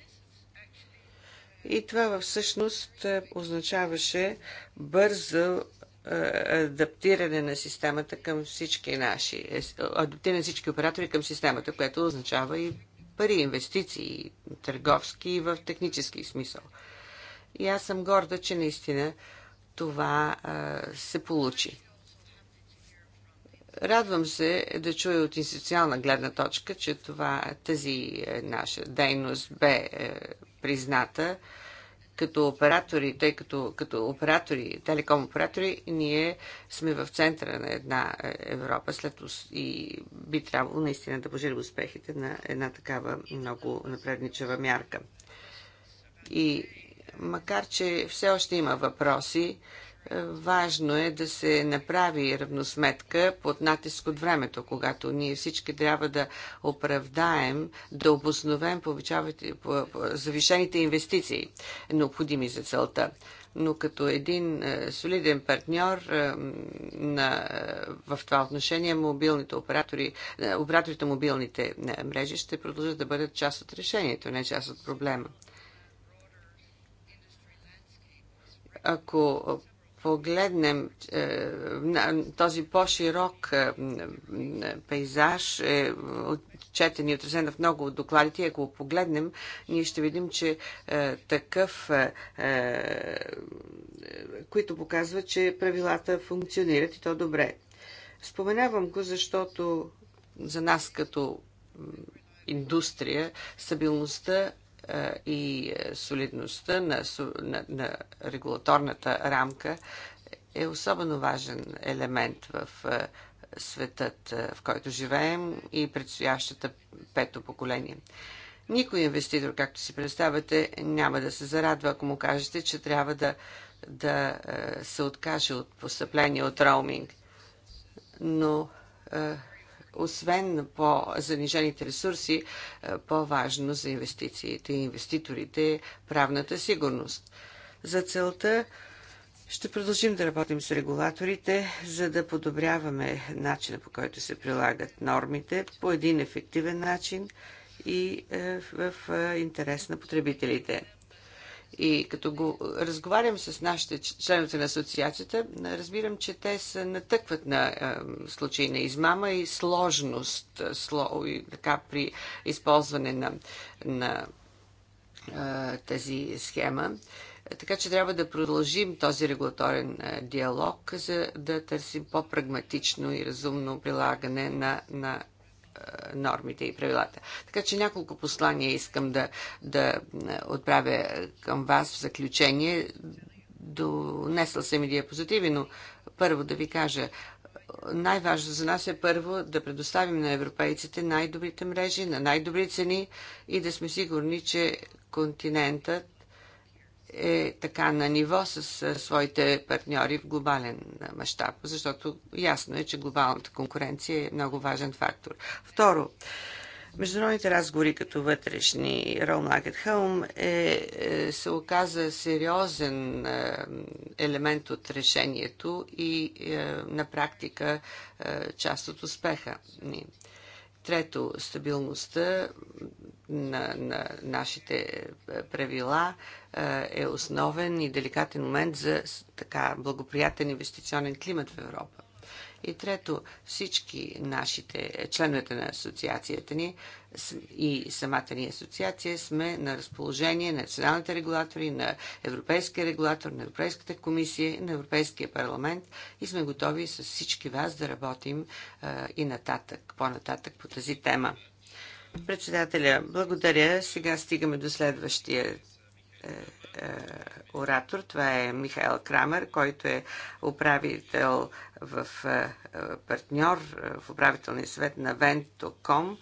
[SPEAKER 2] И това всъщност означаваше бързо адаптиране на системата към всички наши, адаптиране на всички оператори към системата, което означава и пари, инвестиции, търговски и в технически смисъл. И аз съм горда, че наистина това се получи. Радвам се да чуя от институционална гледна точка, че това, тази е, наша дейност бе е, призната като оператори, тъй като, като оператори, телеком оператори, ние сме в центъра на една е, Европа след и би трябвало наистина да пожели успехите на една такава много напредничава мярка. И Макар, че все още има въпроси, е, важно е да се направи равносметка под натиск от времето, когато ние всички трябва да оправдаем, да обосновем завишените инвестиции, необходими за целта но като един е, солиден партньор е, на, в това отношение мобилните оператори, операторите мобилните мрежи ще продължат да бъдат част от решението, не част от проблема. Ако погледнем е, този по-широк е, пейзаж, е отчетен и отразен в много от докладите, ако погледнем, ние ще видим, че е, такъв, които показват, че правилата функционират и то добре. Споменавам го, защото за нас като индустрия стабилността и е, солидността на, на, на регулаторната рамка е особено важен елемент в е, светът, е, в който живеем и предстоящата пето поколение. Никой инвеститор, както си представяте, няма да се зарадва, ако му кажете, че трябва да, да се откаже от постъпление от роуминг. Но освен по занижените ресурси, е, по-важно за инвестициите и инвеститорите е правната сигурност. За целта ще продължим да работим с регулаторите, за да подобряваме начина по който се прилагат нормите по един ефективен начин и е, в е, интерес на потребителите. И като го разговарям с нашите членове на асоциацията, разбирам, че те се натъкват на е, случаи на измама и сложност сло, и, така, при използване на, на е, тази схема. Така че трябва да продължим този регулаторен диалог, за да търсим по-прагматично и разумно прилагане на, на е, нормите и правилата. Така че няколко послания искам да, да отправя към вас в заключение. Донесла съм и диапозитиви, но първо да ви кажа, най-важно за нас е първо да предоставим на европейците най-добрите мрежи, на най-добри цени и да сме сигурни, че континентът е така на ниво с своите партньори в глобален мащаб, защото ясно е, че глобалната конкуренция е много важен фактор. Второ, Международните разговори като вътрешни Rome Like Home е, е, се оказа сериозен е, елемент от решението и е, на практика е, част от успеха ни. Трето, стабилността на, на нашите е, правила е, е основен и деликатен момент за така благоприятен инвестиционен климат в Европа. И трето, всички нашите е, членовете на асоциацията ни и самата ни асоциация сме на разположение на националните регулатори, на Европейския регулатор, на Европейската комисия, на Европейския парламент и сме готови с всички вас да работим и нататък, по-нататък по тази тема. Председателя, благодаря. Сега стигаме до следващия е, е, оратор. Това е Михаил Крамер, който е управител в е, партньор е, в управителния съвет на Vento.com.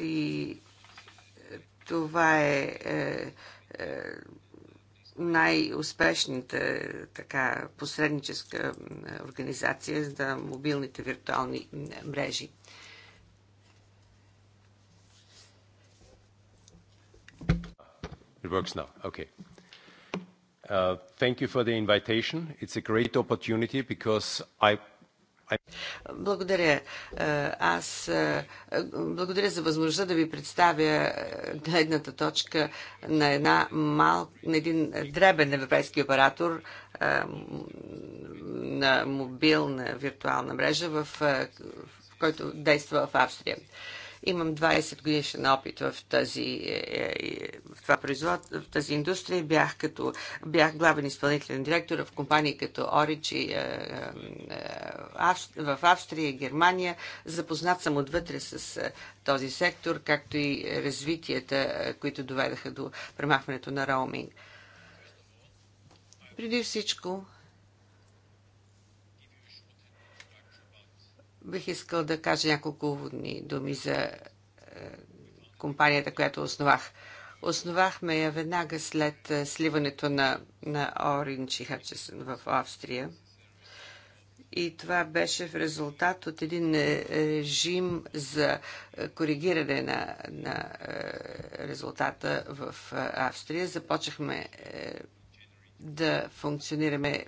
[SPEAKER 2] И това е, е, е най-успешната така посредническа организация за мобилните виртуални мрежи. It works now. Okay. Uh, thank you for the invitation. It's a great opportunity because I благодаря. Е, аз е, благодаря за възможността да ви представя е, гледната точка на, една мал, на един дребен европейски оператор на мобилна виртуална мрежа, в, в който действа в Австрия. Имам 20 годишен опит в, тази, е, е, е, в, това производ, в тази индустрия. Бях, като, бях главен изпълнителен директор в компании като Оричи в Австрия и Германия. Запознат съм отвътре с този сектор, както и развитията, които доведаха до премахването на роуминг. Преди всичко, Бих искал да кажа няколко уводни думи за е, компанията, която основах. Основахме я веднага след е, сливането на, на Orange и Hutchison в Австрия. И това беше в резултат от един е, режим за коригиране на, на резултата в Австрия. Започнахме да функционираме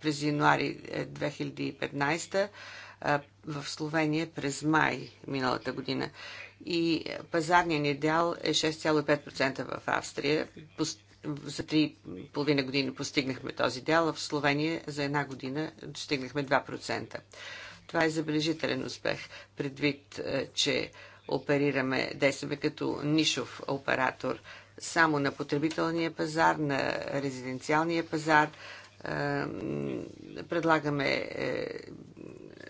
[SPEAKER 2] през януари 2015 в Словения през май миналата година. И пазарният ни дял е 6,5% в Австрия. За 3,5 години постигнахме този дял, а в Словения за една година достигнахме 2%. Това е забележителен успех, предвид, че оперираме, действаме като нишов оператор само на потребителния пазар, на резиденциалния пазар. Предлагаме е,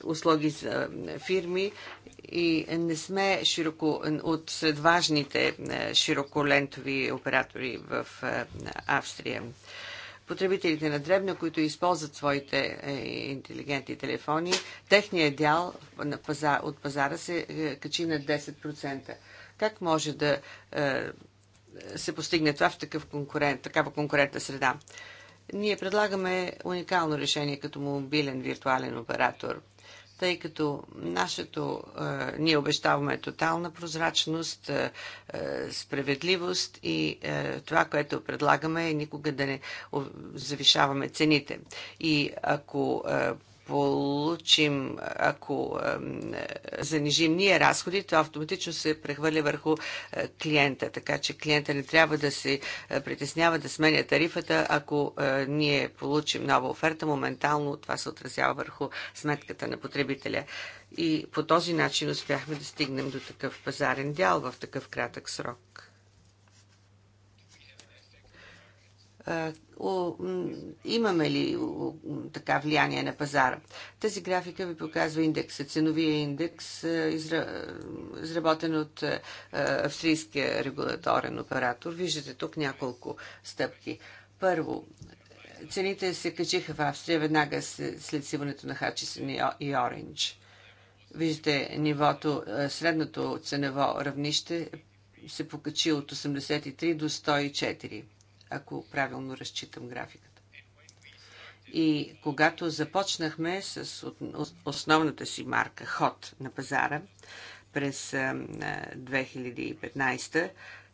[SPEAKER 2] услуги за фирми и не сме широко, от сред важните е, широколентови оператори в е, Австрия. Потребителите на дребно, които използват своите е, интелигентни телефони, техният дял от пазара се качи на 10%. Как може да се постигне това в такъв конкурент, такава конкурентна среда? Ние предлагаме уникално решение като мобилен виртуален оператор тъй като нашето, е, ние обещаваме тотална прозрачност, е, е, справедливост и това, което предлагаме е никога да не завишаваме цените. И ако получим, ако занижим ние разходи, това автоматично се прехвърля върху е, клиента. Така че клиента не трябва да се е, притеснява да сменя тарифата. Ако е, ние получим нова оферта, моментално това се отразява върху сметката на потребителя. И по този начин успяхме да стигнем до такъв пазарен дял в такъв кратък срок. имаме ли така влияние на пазара. Тази графика ви показва индекса, ценовия индекс, изработен от австрийския регулаторен оператор. Виждате тук няколко стъпки. Първо, цените се качиха в Австрия веднага след сиването на Хачисен и Оранж. Виждате нивото, средното ценово равнище се покачи от 83 до 104 ако правилно разчитам графиката. И когато започнахме с основната си марка Ход на пазара през 2015,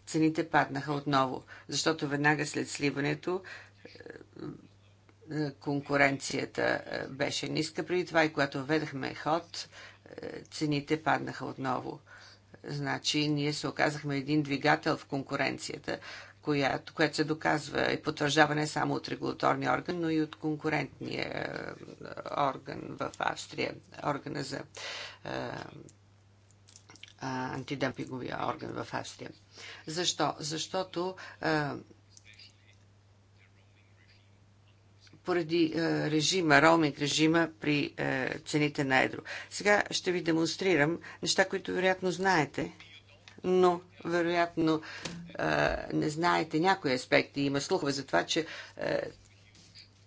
[SPEAKER 2] цените паднаха отново, защото веднага след сливането конкуренцията беше ниска. Преди това и когато ведахме ход, цените паднаха отново. Значи ние се оказахме един двигател в конкуренцията, която, което се доказва и потвърждава не само от регулаторния орган, но и от конкурентния е, орган в Австрия, органа за е, антидампинговия орган в Австрия. Защо? Защото а, е, поради а, режима, роуминг режима при а, цените на едро. Сега ще ви демонстрирам неща, които вероятно знаете но вероятно не знаете някои аспекти. Има слухове за това, че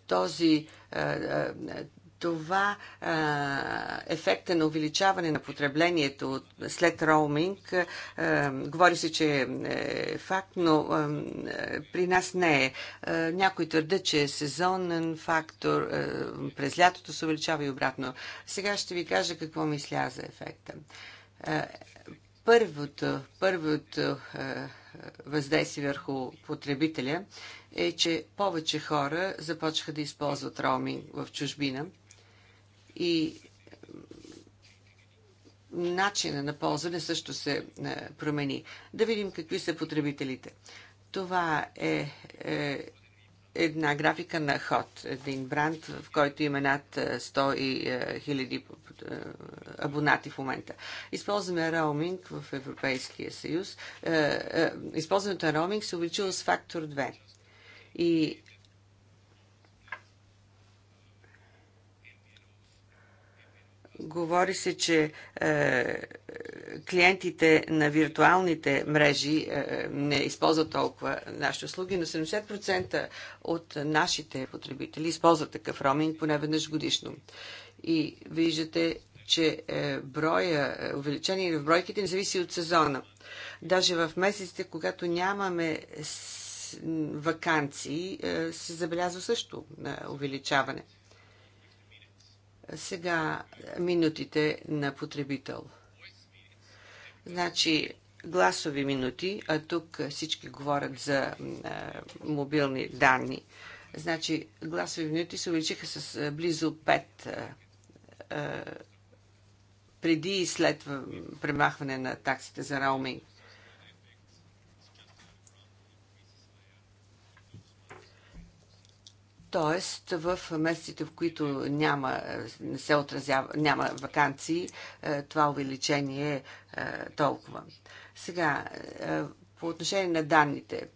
[SPEAKER 2] този това а, ефекта на увеличаване на потреблението след роуминг, а, говори се, че е, е факт, но а, е, при нас не е. А, някой твърда, че е сезонен фактор, а, през лятото се увеличава и обратно. Сега ще ви кажа какво мисля за ефекта. А, Първото, първото е, въздействие върху потребителя е, че повече хора започнаха да използват роуминг в чужбина и начина на ползване също се е, промени. Да видим какви са потребителите. Това е, е една графика на ход, един бранд, в който има над 100 е, е, хиляди е, абонати в момента. Използваме роуминг в Европейския съюз. Използването на роуминг се увеличило с фактор 2. И Говори се, че е, клиентите на виртуалните мрежи е, не използват толкова нашите услуги, но 70% от нашите потребители използват такъв роуминг поне веднъж годишно. И виждате, че е, броя, е, увеличение в бройките не зависи от сезона. Даже в месеците, когато нямаме вакансии, е, се забелязва също е, увеличаване. Сега минутите на потребител. Значи, гласови минути, а тук всички говорят за а, мобилни данни. Значи, гласови минути се увеличиха с а, близо 5 а, преди и след премахване на таксите за рауминг. Тоест, в месеците, в които няма, не се отразява, няма вакансии, е, това увеличение е толкова. Сега, е, по отношение на данните.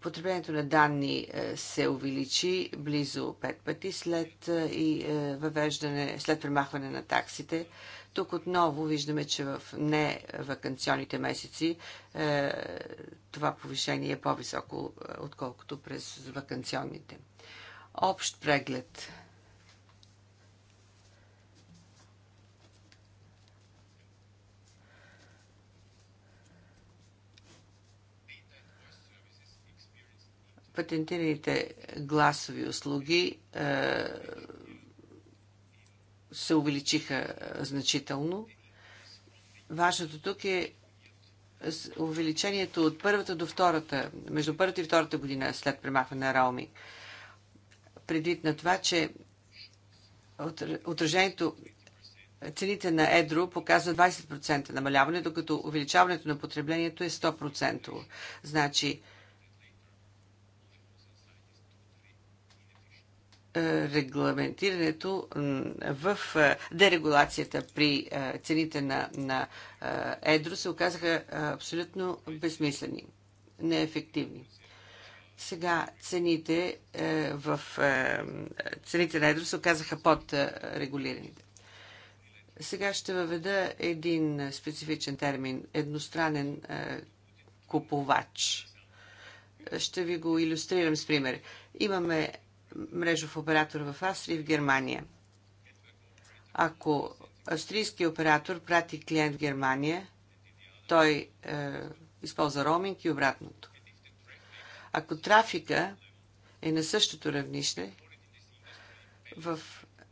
[SPEAKER 2] Потреблението на данни е, се увеличи близо 5 пъти след и въвеждане, след премахване на таксите. Тук отново виждаме, че в не вакансионните месеци това повишение е по-високо, отколкото през вакансионните. Общ преглед. Патентираните гласови услуги е, се увеличиха е, значително. Важното тук е увеличението от първата до втората, между първата и втората година след премахване на роуминг предвид на това, че отражението цените на едро показва 20% намаляване, докато увеличаването на потреблението е 100%. Значи, е, регламентирането в е, дерегулацията при е, цените на, на едро се оказаха абсолютно безсмислени, неефективни. Сега цените е, в е, цените на едро се оказаха под е, регулираните. Сега ще въведа един специфичен термин едностранен купувач. Ще ви го иллюстрирам с пример. Имаме мрежов оператор в Австрия и в Германия. Ако австрийски оператор прати клиент в Германия, той е, използва роуминг и обратното. Ако трафика е на същото равнище, в...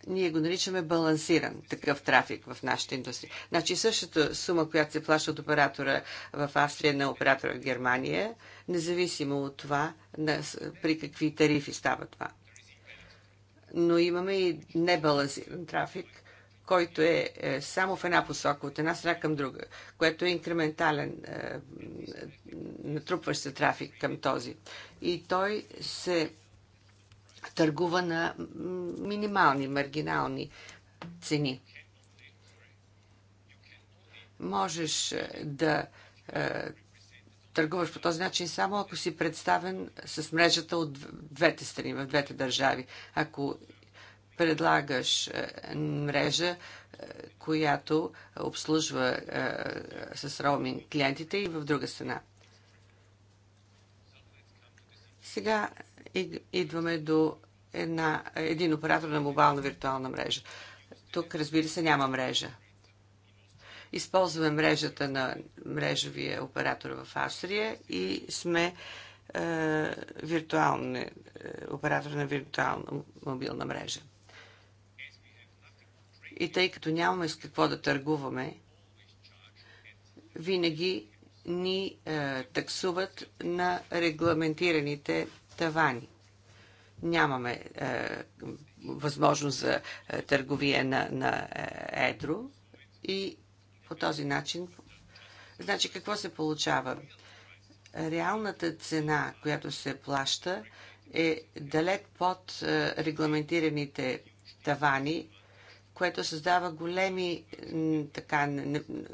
[SPEAKER 2] ние го наричаме балансиран такъв трафик в нашата индустрия. Значи същата сума, която се плаща от оператора в Австрия на оператора в Германия, независимо от това на... при какви тарифи става това. Но имаме и небалансиран трафик – който е, е само в една посока, от една страна към друга, което е инкрементален, е, натрупващ се трафик към този. И той се търгува на минимални, маргинални цени. Можеш е, да търгуваш по този начин само ако си представен с мрежата от двете страни, в двете държави. Ако предлагаш е, мрежа, е, която обслужва е, с роуминг клиентите и в друга страна. Сега идваме до една, един оператор на мобилна виртуална мрежа. Тук, разбира се, няма мрежа. Използваме мрежата на мрежовия оператор в Австрия и сме е, виртуални, оператор на виртуална мобилна мрежа. И тъй като нямаме с какво да търгуваме, винаги ни е, таксуват на регламентираните тавани. Нямаме е, възможност за е, търговия на, на е, едро и по този начин. Значи какво се получава? Реалната цена, която се плаща, е далек под е, регламентираните тавани което създава големи така,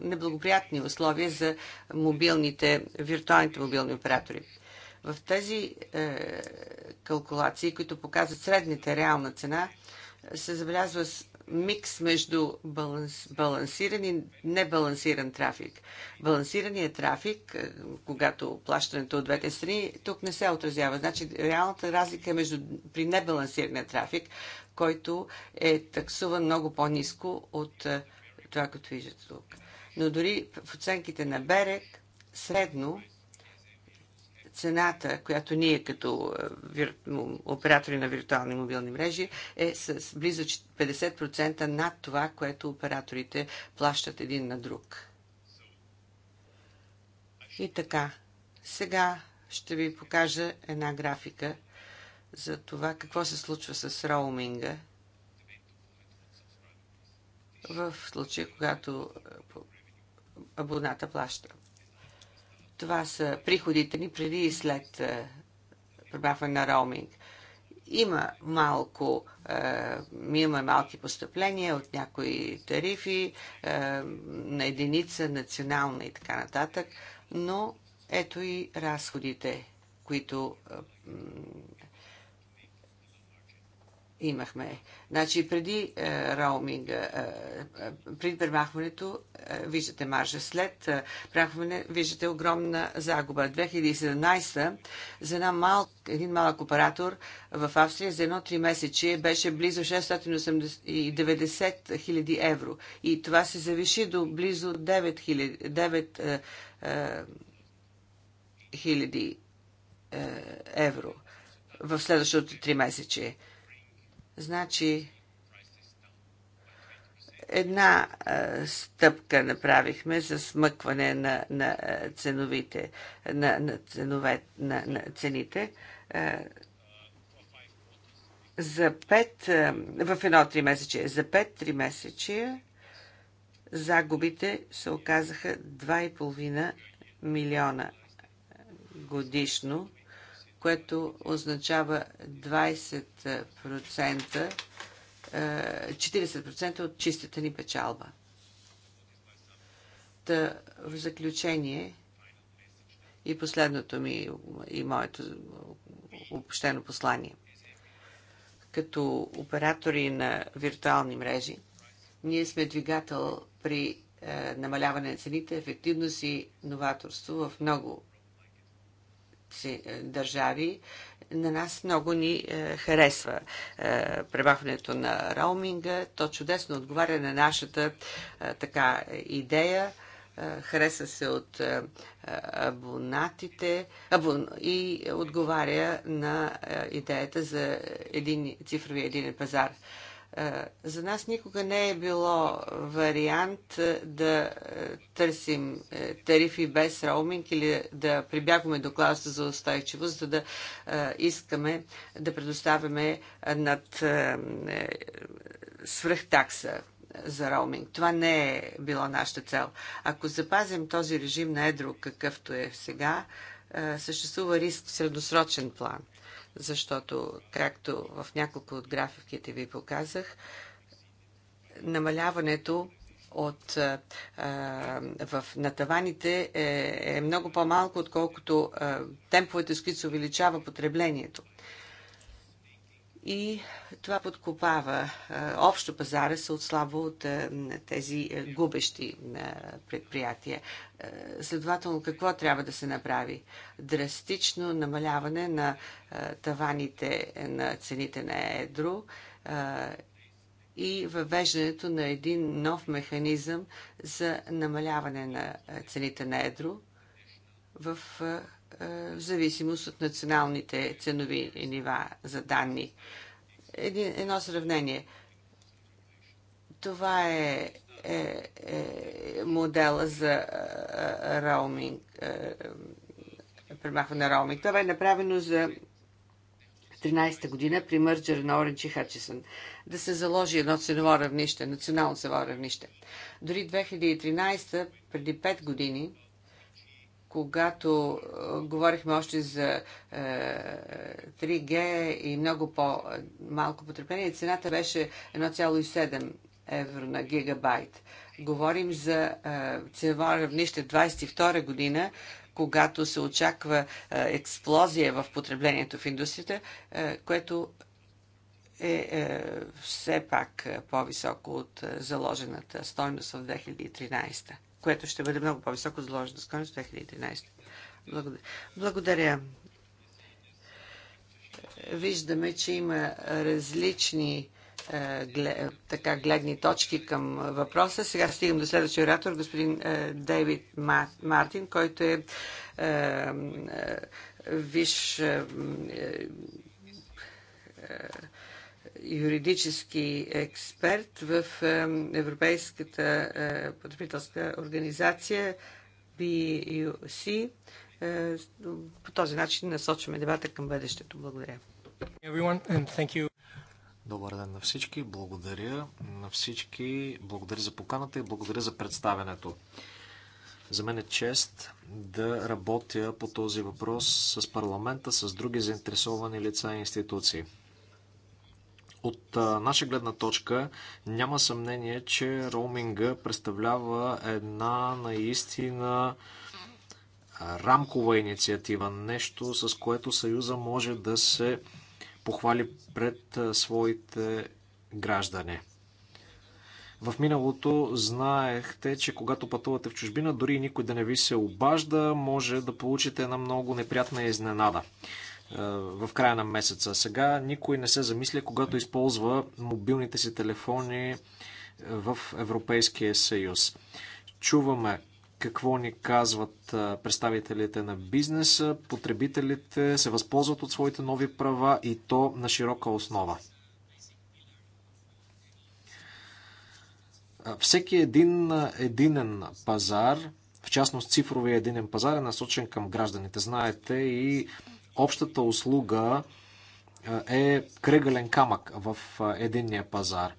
[SPEAKER 2] неблагоприятни условия за мобилните, виртуалните мобилни оператори. В тези е, калкулации, които показват средните реална цена, се забелязва микс между баланс, балансиран и небалансиран трафик. Балансираният трафик, е, когато плащането от двете страни, тук не се отразява. Значи реалната разлика е между, при небалансирания трафик който е таксуван много по-низко от е, това, като виждате тук. Но дори в оценките на Берек, средно цената, която ние като е, оператори на виртуални мобилни мрежи, е с близо 50% над това, което операторите плащат един на друг. И така, сега ще ви покажа една графика за това какво се случва с роуминга в случая, когато е, абоната плаща. Това са приходите ни преди и след е, прибавване на роуминг. Има малко, е, има малки постъпления от някои тарифи е, на единица, национална и така нататък, но ето и разходите, които е, имахме. Значи преди е, роуминга, е, е, преди премахването, е, виждате маржа. След е, премахване, виждате огромна загуба. 2017 за една мал, един малък оператор в Австрия за едно 3 месече беше близо 690 хиляди евро. И това се завиши до близо 9 хиляди е, е, евро в следващото 3 месече. Значи, една а, стъпка направихме за смъкване на, на ценовите, на, на, ценове, на, на цените. А, за пет, а, в едно три месече, за пет три месече загубите се оказаха 2,5 милиона годишно което означава 20%, 40% е, от чистата ни печалба. Та, в заключение и последното ми и моето общено послание. Като оператори на виртуални мрежи, ние сме двигател при е, намаляване на цените, ефективност и новаторство в много е, държави, на нас много ни е, харесва е, премахването на роуминга. То чудесно отговаря на нашата така идея. Хареса се от абонатите абон, и отговаря на идеята за един, цифровия един пазар. Е, за нас никога не е било вариант е, да е, търсим тарифи без роуминг или да прибягваме до класа за устойчивост, за да искаме да предоставяме над свръхтакса за роуминг. Това не е било нашата цел. Ако запазим този режим на едро, какъвто е сега, съществува риск в средносрочен план – защото, както в няколко от графиките ви показах, намаляването от, а, в, на таваните е, е много по-малко, отколкото а, темповете, с които се увеличава потреблението и това подкопава е, общо пазара се отслабва от е, тези е, губещи предприятия. Следователно, какво трябва да се направи? Драстично намаляване на таваните на цените на едро и въвеждането на един нов механизъм за намаляване на цените на едро в е, в зависимост от националните ценови нива за данни. Един, едно сравнение. Това е, е, е модела за е, е роуминг, е, премахване на роуминг. Това е направено за 13-та година при мърджер на Orange и Hutchison, да се заложи едно ценово равнище, национално ценово равнище. Дори 2013, преди 5 години, когато говорихме още за 3G и много по-малко потребление, цената беше 1,7 евро на гигабайт. Говорим за цена равнище 22 година, когато се очаква експлозия в потреблението в индустрията, което е, е все пак по-високо от заложената стойност в 2013 което ще бъде много по-високо заложено заложена скорост 2013. Благодаря. Благодаря. Виждаме, че има различни е, така гледни точки към въпроса. Сега стигам до следващия оратор, господин е, Дейвид Мартин, който е, е виш юридически експерт в Европейската е, потребителска организация BUC. Е, по този начин насочваме дебата към бъдещето. Благодаря.
[SPEAKER 1] Добър ден на всички. Благодаря на всички. Благодаря за поканата и благодаря за представенето. За мен е чест да работя по този въпрос с парламента, с други заинтересовани лица и институции. От наша гледна точка няма съмнение, че роуминга представлява една наистина рамкова инициатива, нещо с което Съюза може да се похвали пред своите граждани. В миналото знаехте, че когато пътувате в чужбина, дори никой да не ви се обажда, може да получите една много неприятна изненада в края на месеца. Сега никой не се замисля, когато използва мобилните си телефони в Европейския съюз. Чуваме какво ни казват представителите на бизнеса, потребителите се възползват от своите нови права и то на широка основа. Всеки един единен пазар, в частност цифровия единен пазар е насочен към гражданите. Знаете и общата услуга е кръгален камък в единния пазар.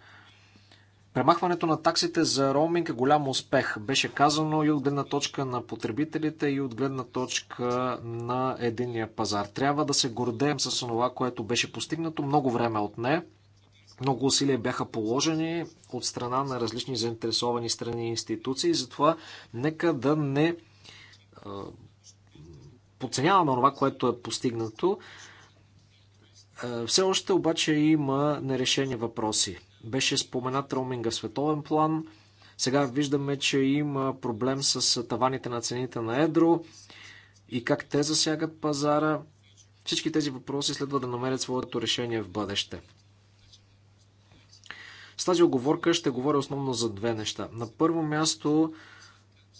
[SPEAKER 1] Премахването на таксите за роуминг е голям успех. Беше казано и от гледна точка на потребителите, и от гледна точка на единния пазар. Трябва да се гордеем с това, което беше постигнато много време от не. Много усилия бяха положени от страна на различни заинтересовани страни и институции. Затова нека да не подценяваме това, което е постигнато. Е, все още обаче има нерешени въпроси. Беше споменат роуминга в световен план. Сега виждаме, че има проблем с таваните на цените на едро и как те засягат пазара. Всички тези въпроси следва да намерят своето решение в бъдеще. С тази оговорка ще говоря основно за две неща. На първо място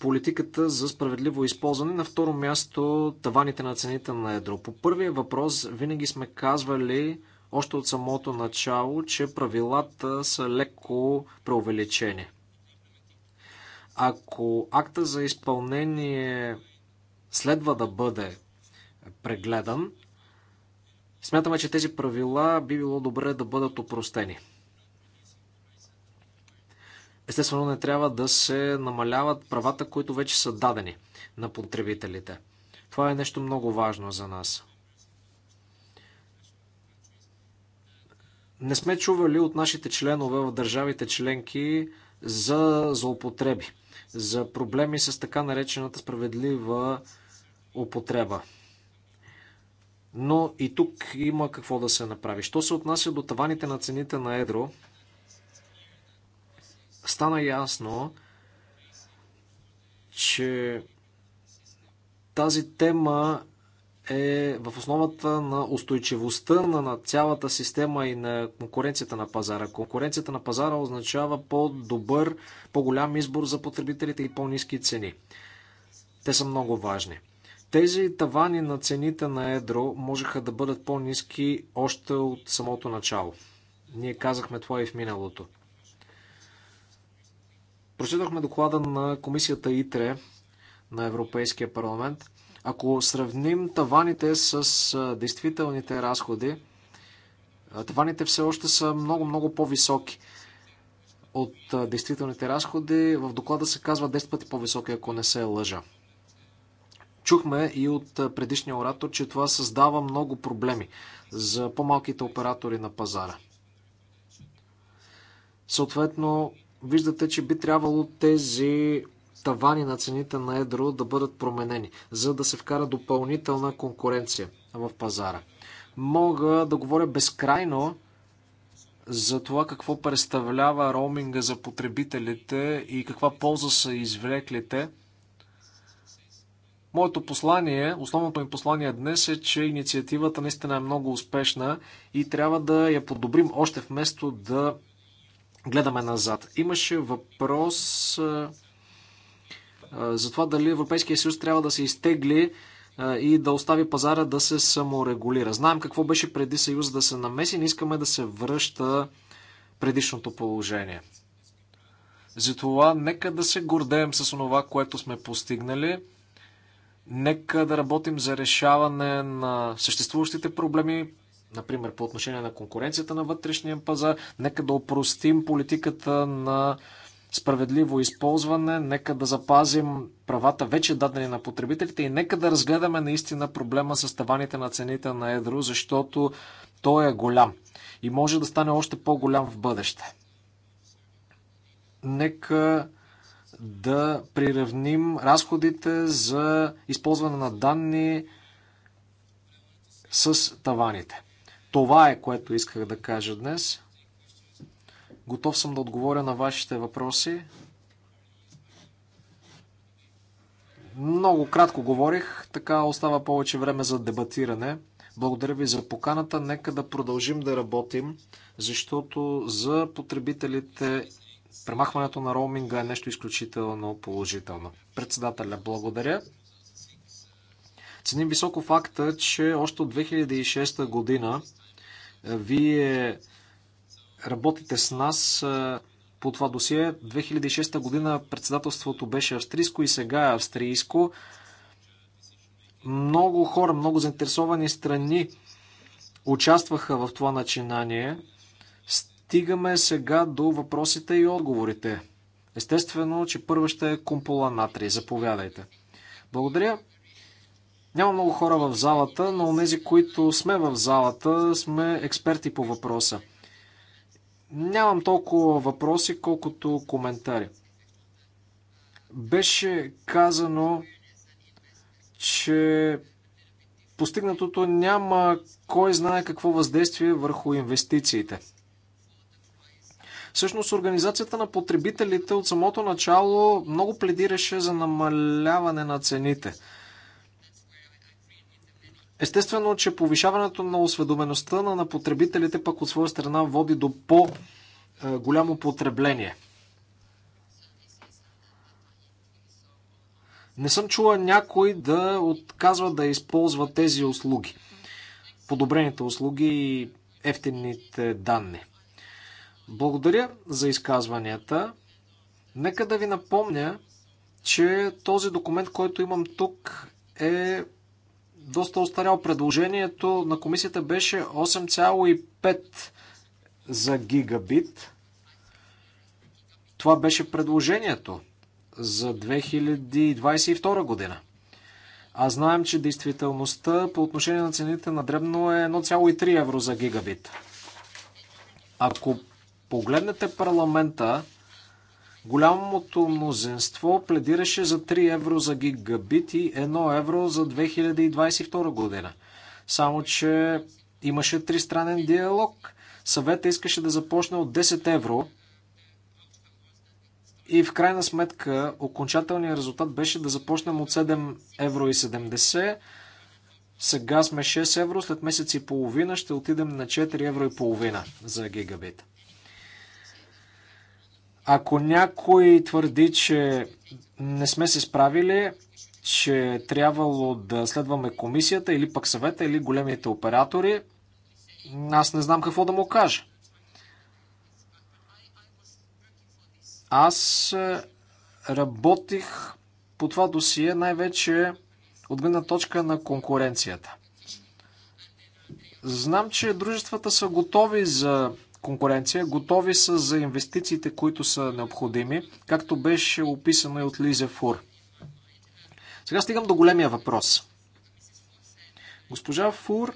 [SPEAKER 1] политиката за справедливо използване. На второ място таваните на цените на едро. По първия въпрос винаги сме казвали още от самото начало, че правилата са леко преувеличени. Ако акта за изпълнение следва да бъде прегледан, смятаме, че тези правила би било добре да бъдат опростени. Естествено, не трябва да се намаляват правата, които вече са дадени на потребителите. Това е нещо много важно за нас. Не сме чували от нашите членове в държавите членки за злоупотреби, за проблеми с така наречената справедлива употреба. Но и тук има какво да се направи. Що се отнася до таваните на цените на едро, стана ясно, че тази тема е в основата на устойчивостта на, цялата система и на конкуренцията на пазара. Конкуренцията на пазара означава по-добър, по-голям избор за потребителите и по-низки цени. Те са много важни. Тези тавани на цените на едро можеха да бъдат по-низки още от самото начало. Ние казахме това и в миналото. Прочитахме доклада на комисията ИТРЕ на Европейския парламент. Ако сравним таваните с действителните разходи, таваните все още са много-много по-високи от действителните разходи. В доклада се казва 10 пъти по-високи, ако не се лъжа. Чухме и от предишния оратор, че това създава много проблеми за по-малките оператори на пазара. Съответно, виждате, че би трябвало тези тавани на цените на едро да бъдат променени, за да се вкара допълнителна конкуренция в пазара. Мога да говоря безкрайно за това какво представлява роуминга за потребителите и каква полза са извлеклите. Моето послание, основното ми послание днес е, че инициативата наистина е много успешна и трябва да я подобрим още вместо да гледаме назад. Имаше въпрос за това дали Европейския съюз трябва да се изтегли и да остави пазара да се саморегулира. Знаем какво беше преди съюз да се намеси, не искаме да се връща предишното положение. Затова нека да се гордеем с това, което сме постигнали. Нека да работим за решаване на съществуващите проблеми, Например, по отношение на конкуренцията на вътрешния пазар, нека да опростим политиката на справедливо използване, нека да запазим правата вече дадени на потребителите и нека да разгледаме наистина проблема с таваните на цените на едро, защото той е голям и може да стане още по-голям в бъдеще. Нека да приравним разходите за използване на данни с таваните. Това е което исках да кажа днес. Готов съм да отговоря на вашите въпроси. Много кратко говорих, така остава повече време за дебатиране. Благодаря ви за поканата. Нека да продължим да работим, защото за потребителите премахването на роуминга е нещо изключително положително. Председателя, благодаря. Ценим високо факта, че още от 2006 година е, вие работите с нас е, по това досие. 2006 година председателството беше австрийско и сега е австрийско. Много хора, много заинтересовани страни участваха в това начинание. Стигаме сега до въпросите и отговорите. Естествено, че първа ще е Кумпола Натри. Заповядайте. Благодаря. Няма много хора в залата, но тези, които сме в залата, сме експерти по въпроса. Нямам толкова въпроси, колкото коментари. Беше казано, че постигнатото няма кой знае какво въздействие върху инвестициите. Всъщност Организацията на потребителите от самото начало много пледираше за намаляване на цените – Естествено, че повишаването на осведомеността на, на потребителите пък от своя страна води до по-голямо е, потребление. Не съм чула някой да отказва да използва тези услуги. Подобрените услуги и ефтините данни. Благодаря за изказванията. Нека да ви напомня, че този документ, който имам тук е доста остарял. Предложението на комисията беше 8,5 за гигабит. Това беше предложението за 2022 година. А знаем, че действителността по отношение на цените на дребно е 1,3 евро за гигабит. Ако погледнете парламента, Голямото мнозинство пледираше за 3 евро за гигабит и 1 евро за 2022 година. Само, че имаше тристранен диалог. Съвета искаше да започне от 10 евро и в крайна сметка окончателният резултат беше да започнем от 7 евро и 70. Сега сме 6 евро, след месец и половина ще отидем на 4 евро и половина за гигабит. Ако някой твърди, че не сме се справили, че е трябвало да следваме комисията или пък съвета или големите оператори, аз не знам какво да му кажа. Аз е, работих по това досие най-вече от гледна точка на конкуренцията. Знам, че дружествата са готови за конкуренция, готови са за инвестициите, които са необходими, както беше описано и от Лизе Фур. Сега стигам до големия въпрос. Госпожа Фур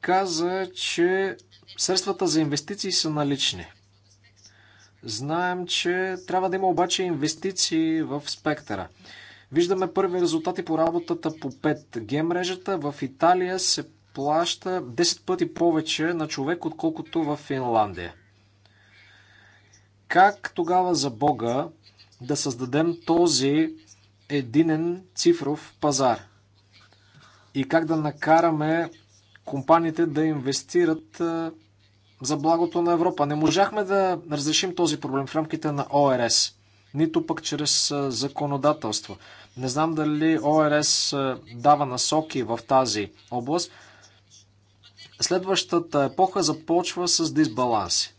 [SPEAKER 1] каза, че средствата за инвестиции са налични. Знаем, че трябва да има обаче инвестиции в спектъра. Виждаме първи резултати по работата по 5G мрежата. В Италия се плаща 10 пъти повече на човек, отколкото в Финландия. Как тогава за Бога да създадем този единен цифров пазар? И как да накараме компаниите да инвестират за благото на Европа? Не можахме да разрешим този проблем в рамките на ОРС нито пък чрез законодателство. Не знам дали ОРС дава насоки в тази област, Следващата епоха започва с дисбаланси.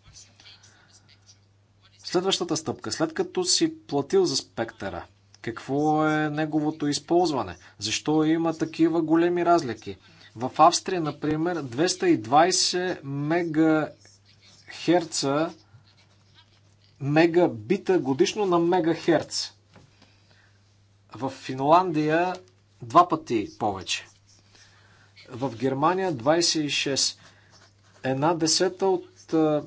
[SPEAKER 1] Следващата стъпка, след като си платил за спектъра, какво е неговото използване? Защо има такива големи разлики? В Австрия, например, 220 мегахерца мегабита годишно на мегахерц. В Финландия два пъти повече в Германия 26. Една десета от е,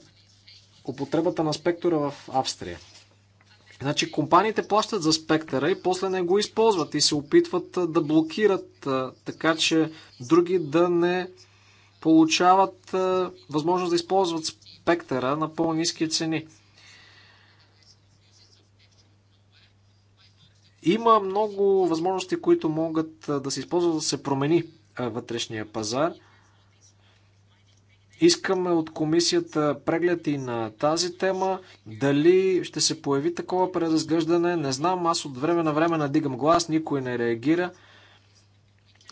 [SPEAKER 1] употребата на спектъра в Австрия. Значи компаниите плащат за спектъра и после не го използват и се опитват е, да блокират, е, така че други да не получават възможност да използват спектъра на по-низки цени. Има много възможности, които могат да се използват да се промени вътрешния пазар. Искаме от комисията преглед и на тази тема. Дали ще се появи такова преразглеждане, не знам. Аз от време на време надигам глас, никой не реагира.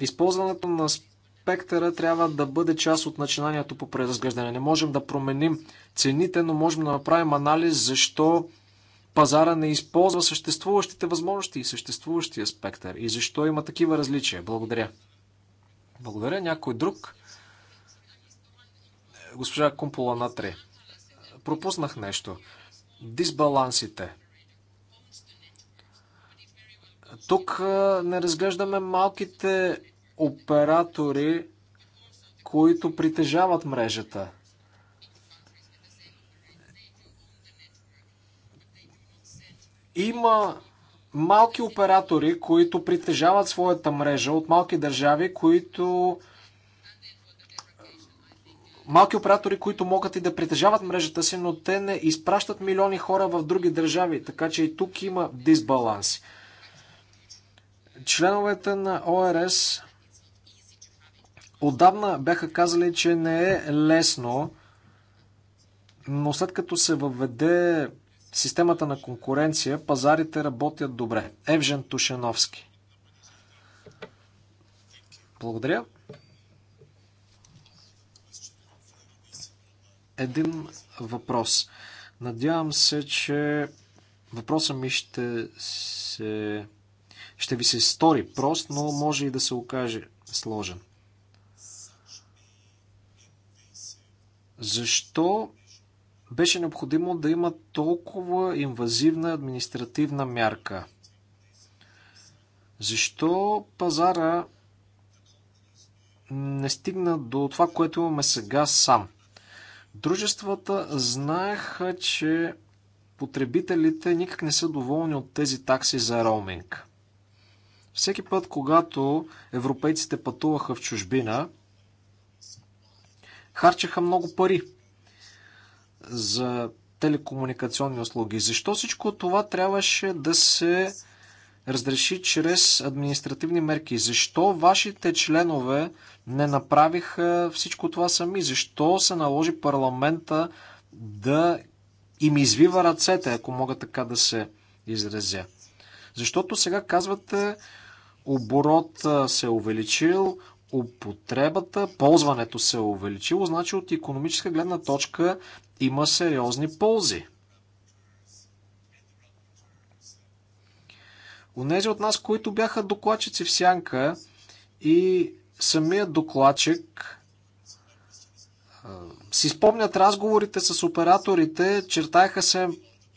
[SPEAKER 1] Използването на спектъра трябва да бъде част от начинанието по преразглеждане. Не можем да променим цените, но можем да направим анализ защо пазара не използва съществуващите възможности и съществуващия спектър и защо има такива различия. Благодаря. Благодаря. Някой друг? Госпожа Кумпола на 3. Пропуснах нещо. Дисбалансите. Тук не разглеждаме малките оператори, които притежават мрежата. Има малки оператори, които притежават своята мрежа от малки държави, които малки оператори, които могат и да притежават мрежата си, но те не изпращат милиони хора в други държави, така че и тук има дисбаланси. Членовете на ОРС отдавна бяха казали, че не е лесно, но след като се въведе системата на конкуренция пазарите работят добре. Евжен Тушеновски. Благодаря. Един въпрос. Надявам се, че въпросът ми ще се... ще ви се стори прост, но може и да се окаже сложен. Защо беше необходимо да има толкова инвазивна административна мярка. Защо пазара не стигна до това, което имаме сега сам? Дружествата знаеха, че потребителите никак не са доволни от тези такси за роуминг. Всеки път, когато европейците пътуваха в чужбина, харчаха много пари – за телекомуникационни услуги. Защо всичко това трябваше да се разреши чрез административни мерки? Защо вашите членове не направиха всичко това сами? Защо се наложи парламента да им извива ръцете, ако мога така да се изразя? Защото сега казвате, оборот се е увеличил, употребата, ползването се е увеличило, значи от економическа гледна точка има сериозни ползи. Унези от нас, които бяха докладчици в Сянка и самият докладчик си спомнят разговорите с операторите, чертаяха се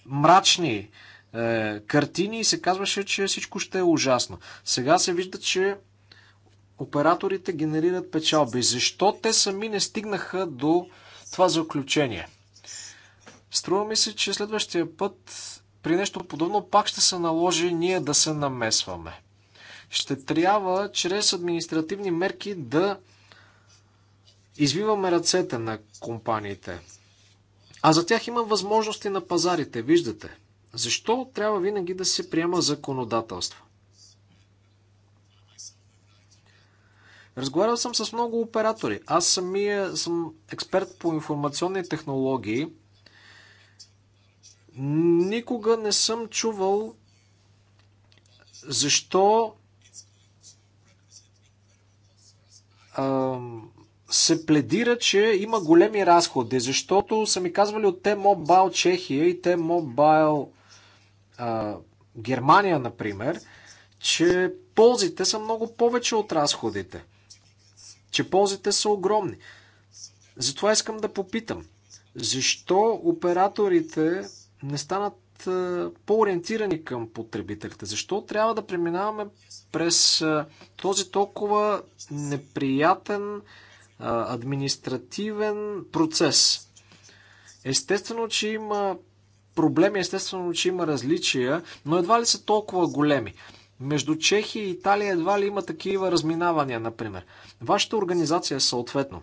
[SPEAKER 1] мрачни е, картини и се казваше, че всичко ще е ужасно. Сега се вижда, че операторите генерират печалби. Защо те сами не стигнаха до това заключение? Струва ми се, че следващия път при нещо подобно пак ще се наложи ние да се намесваме. Ще трябва чрез административни мерки да извиваме ръцете на компаниите. А за тях има възможности на пазарите, виждате. Защо трябва винаги да се приема законодателство? Разговарял съм с много оператори. Аз самия съм експерт по информационни технологии. Никога не съм чувал защо а, се пледира, че има големи разходи, защото са ми казвали от T-Mobile Чехия и T-Mobile а, Германия, например, че ползите са много повече от разходите че ползите са огромни. Затова искам да попитам, защо операторите не станат по-ориентирани към потребителите? Защо трябва да преминаваме през този толкова неприятен административен процес? Естествено, че има проблеми, естествено, че има различия, но едва ли са толкова големи. Между Чехия и Италия едва ли има такива разминавания, например. Вашата организация съответно.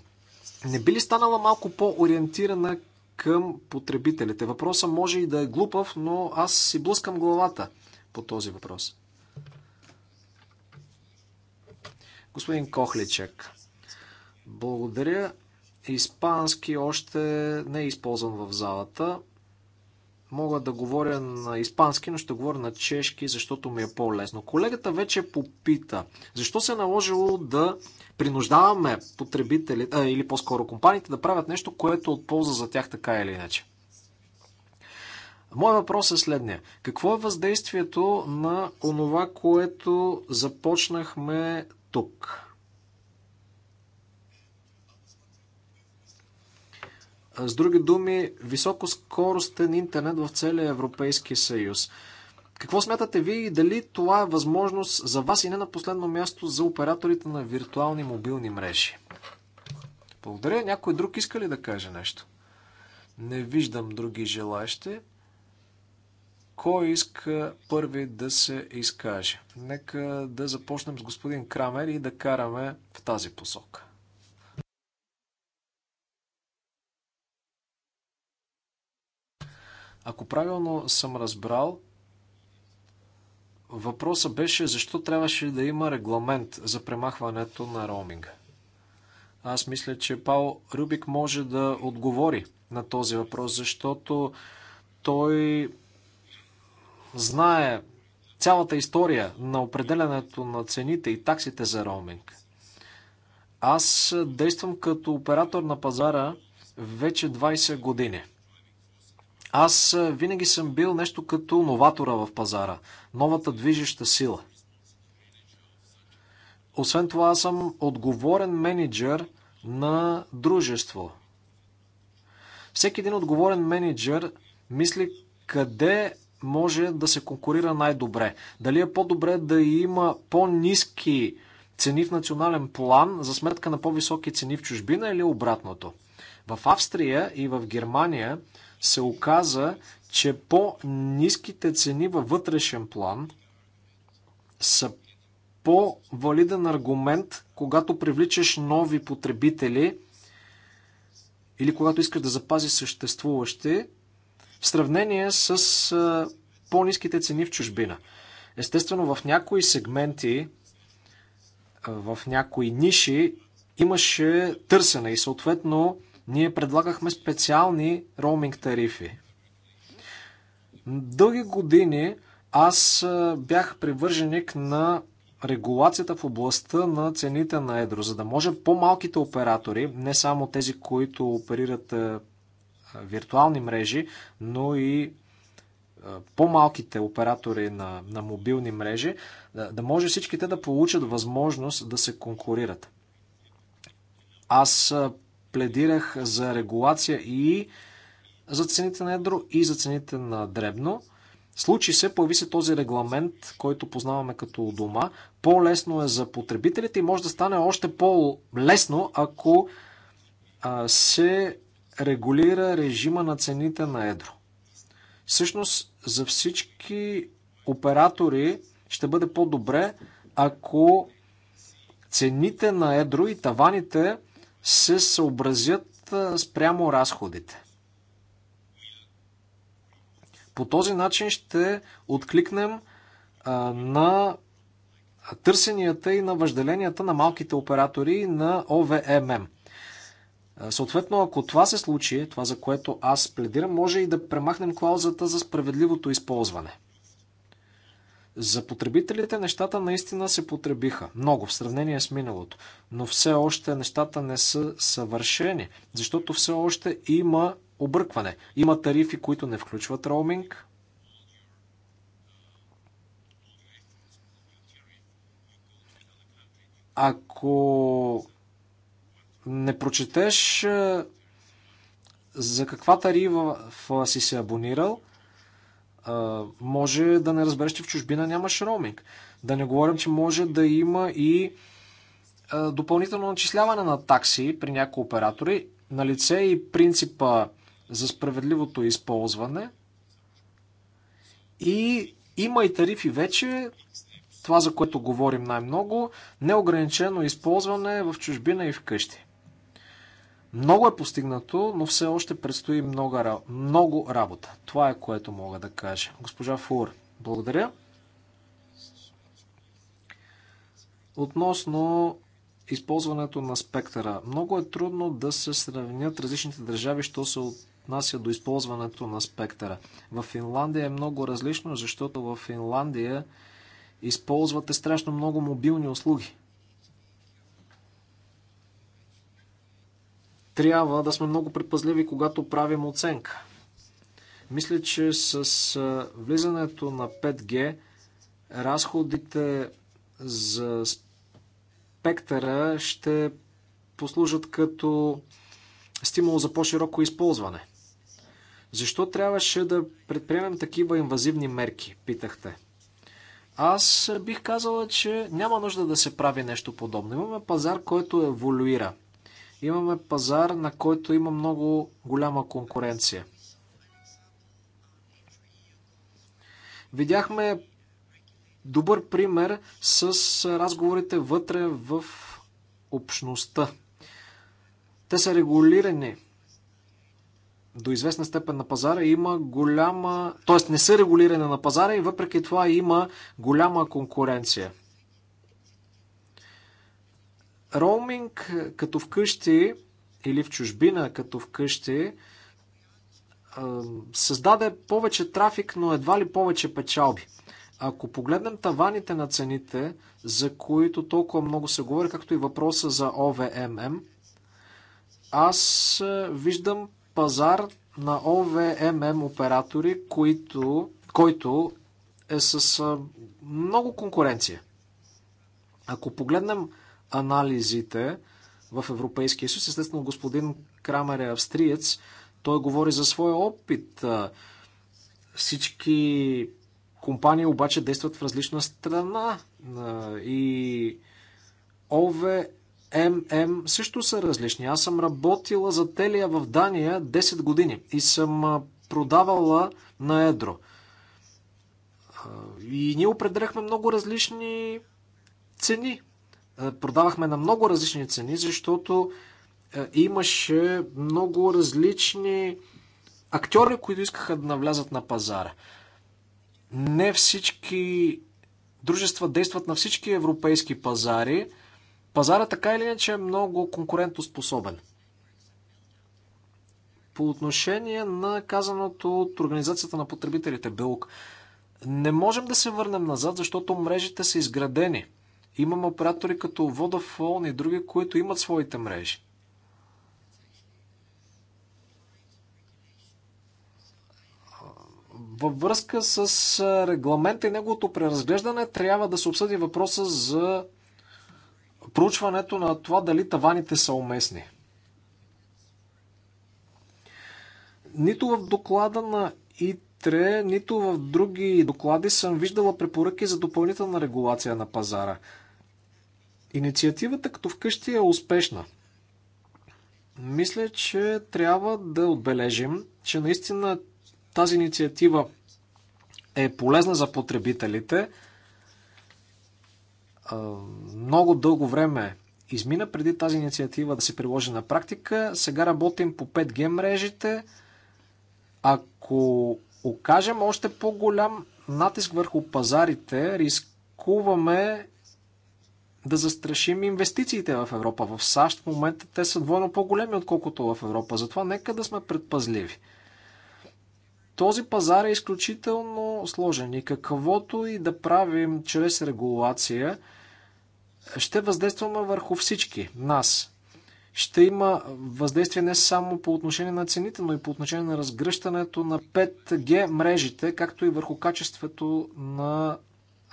[SPEAKER 1] Не би ли станала малко по-ориентирана към потребителите? Въпросът може и да е глупав, но аз си блъскам главата по този въпрос. Господин Кохличек, благодаря. Испански още не е използван в залата. Мога да говоря на испански, но ще говоря на чешки, защото ми е по-лесно. Колегата вече попита, защо се е наложило да принуждаваме потребителите, а, или по-скоро компаниите, да правят нещо, което е от полза за тях така или иначе. Моят въпрос е следния. Какво е въздействието на онова, което започнахме тук? С други думи, високоскоростен интернет в целия Европейски съюз. Какво смятате ви и дали това е възможност за вас и не на последно място за операторите на виртуални мобилни мрежи? Благодаря. Някой друг иска ли да каже нещо? Не виждам други желаящи. Кой иска първи да се изкаже? Нека да започнем с господин Крамер и да караме в тази посока. Ако правилно съм разбрал, въпросът беше защо трябваше да има регламент за премахването на роуминга. Аз мисля, че Пао Рубик може да отговори на този въпрос, защото той знае цялата история на определенето на цените и таксите за роуминг. Аз действам като оператор на пазара вече 20 години – аз винаги съм бил нещо като новатора в пазара, новата движеща сила. Освен това, аз съм отговорен менеджер на дружество. Всеки един отговорен менеджер мисли къде може да се конкурира най-добре. Дали е по-добре да има по-низки цени в национален план за сметка на по-високи цени в чужбина или обратното. В Австрия и в Германия се оказа, че по-низките цени във вътрешен план са по-валиден аргумент, когато привличаш нови потребители или когато искаш да запази съществуващи, в сравнение с по-низките цени в чужбина. Естествено, в някои сегменти, в някои ниши имаше търсене и съответно ние предлагахме специални роуминг тарифи. Дълги години аз бях привърженик на регулацията в областта на цените на едро, за да може по-малките оператори, не само тези, които оперират виртуални мрежи, но и по-малките оператори на, на мобилни мрежи, да, да може всичките да получат възможност да се конкурират. Аз пледирах за регулация и за цените на едро, и за цените на дребно. Случи се, появи се този регламент, който познаваме като дома. По-лесно е за потребителите и може да стане още по-лесно, ако а, се регулира режима на цените на едро. Всъщност, за всички оператори ще бъде по-добре, ако цените на едро и таваните се съобразят спрямо разходите. По този начин ще откликнем на търсенията и на въжделенията на малките оператори на ОВММ. Съответно, ако това се случи, това за което аз пледирам, може и да премахнем клаузата за справедливото използване. За потребителите нещата наистина се потребиха много в сравнение с миналото, но все още нещата не са съвършени, защото все още има объркване. Има тарифи, които не включват роуминг. Ако не прочетеш за каква тарифа си се абонирал – може да не разбереш, че в чужбина нямаш роуминг. Да не говорим, че може да има и допълнително начисляване на такси при някои оператори. На лице е и принципа за справедливото използване. И има и тарифи вече, това за което говорим най-много, неограничено използване в чужбина и вкъщи. Много е постигнато, но все още предстои много, много работа. Това е което мога да кажа. Госпожа Фур, благодаря. Относно използването на спектъра. Много е трудно да се сравнят различните държави, що се отнася до използването на спектъра. В Финландия е много различно, защото в Финландия използвате страшно много мобилни услуги. трябва да сме много предпазливи, когато правим оценка. Мисля, че с влизането на 5G разходите за спектъра ще послужат като стимул за по-широко използване. Защо трябваше да предприемем такива инвазивни мерки, питахте. Аз бих казала, че няма нужда да се прави нещо подобно. Имаме пазар, който еволюира – Имаме пазар, на който има много голяма конкуренция. Видяхме добър пример с разговорите вътре в общността. Те са регулирани до известна степен на пазара има голяма, т.е. не са регулирани на пазара и въпреки това има голяма конкуренция. Роуминг като вкъщи или в чужбина като вкъщи създаде повече трафик, но едва ли повече печалби. Ако погледнем таваните на цените, за които толкова много се говори, както и въпроса за ОВММ, аз виждам пазар на ОВММ оператори, които, който е с много конкуренция. Ако погледнем анализите в Европейския съюз. Естествено, господин Крамер е австриец. Той говори за своя опит. Всички компании обаче действат в различна страна и ОВММ също са различни. Аз съм работила за Телия в Дания 10 години и съм продавала на едро. И ние определяхме много различни цени е, продавахме на много различни цени, защото е, имаше много различни актьори, които искаха да навлязат на пазара. Не всички дружества действат на всички европейски пазари. Пазара така или иначе е много конкурентоспособен. По отношение на казаното от Организацията на потребителите БЕЛК, не можем да се върнем назад, защото мрежите са изградени – Имам оператори като Vodafone и други, които имат своите мрежи. Във връзка с регламента и неговото преразглеждане трябва да се обсъди въпроса за проучването на това дали таваните са уместни. Нито в доклада на ИТРЕ, нито в други доклади съм виждала препоръки за допълнителна регулация на пазара. Инициативата като вкъщи е успешна. Мисля, че трябва да отбележим, че наистина тази инициатива е полезна за потребителите. Много дълго време измина преди тази инициатива да се приложи на практика. Сега работим по 5G мрежите. Ако окажем още по-голям натиск върху пазарите, рискуваме да застрашим инвестициите в Европа. В САЩ в момента те са двойно по-големи, отколкото в Европа. Затова нека да сме предпазливи. Този пазар е изключително сложен и каквото и да правим чрез регулация, ще въздействаме върху всички нас. Ще има въздействие не само по отношение на цените, но и по отношение на разгръщането на 5G мрежите, както и върху качеството на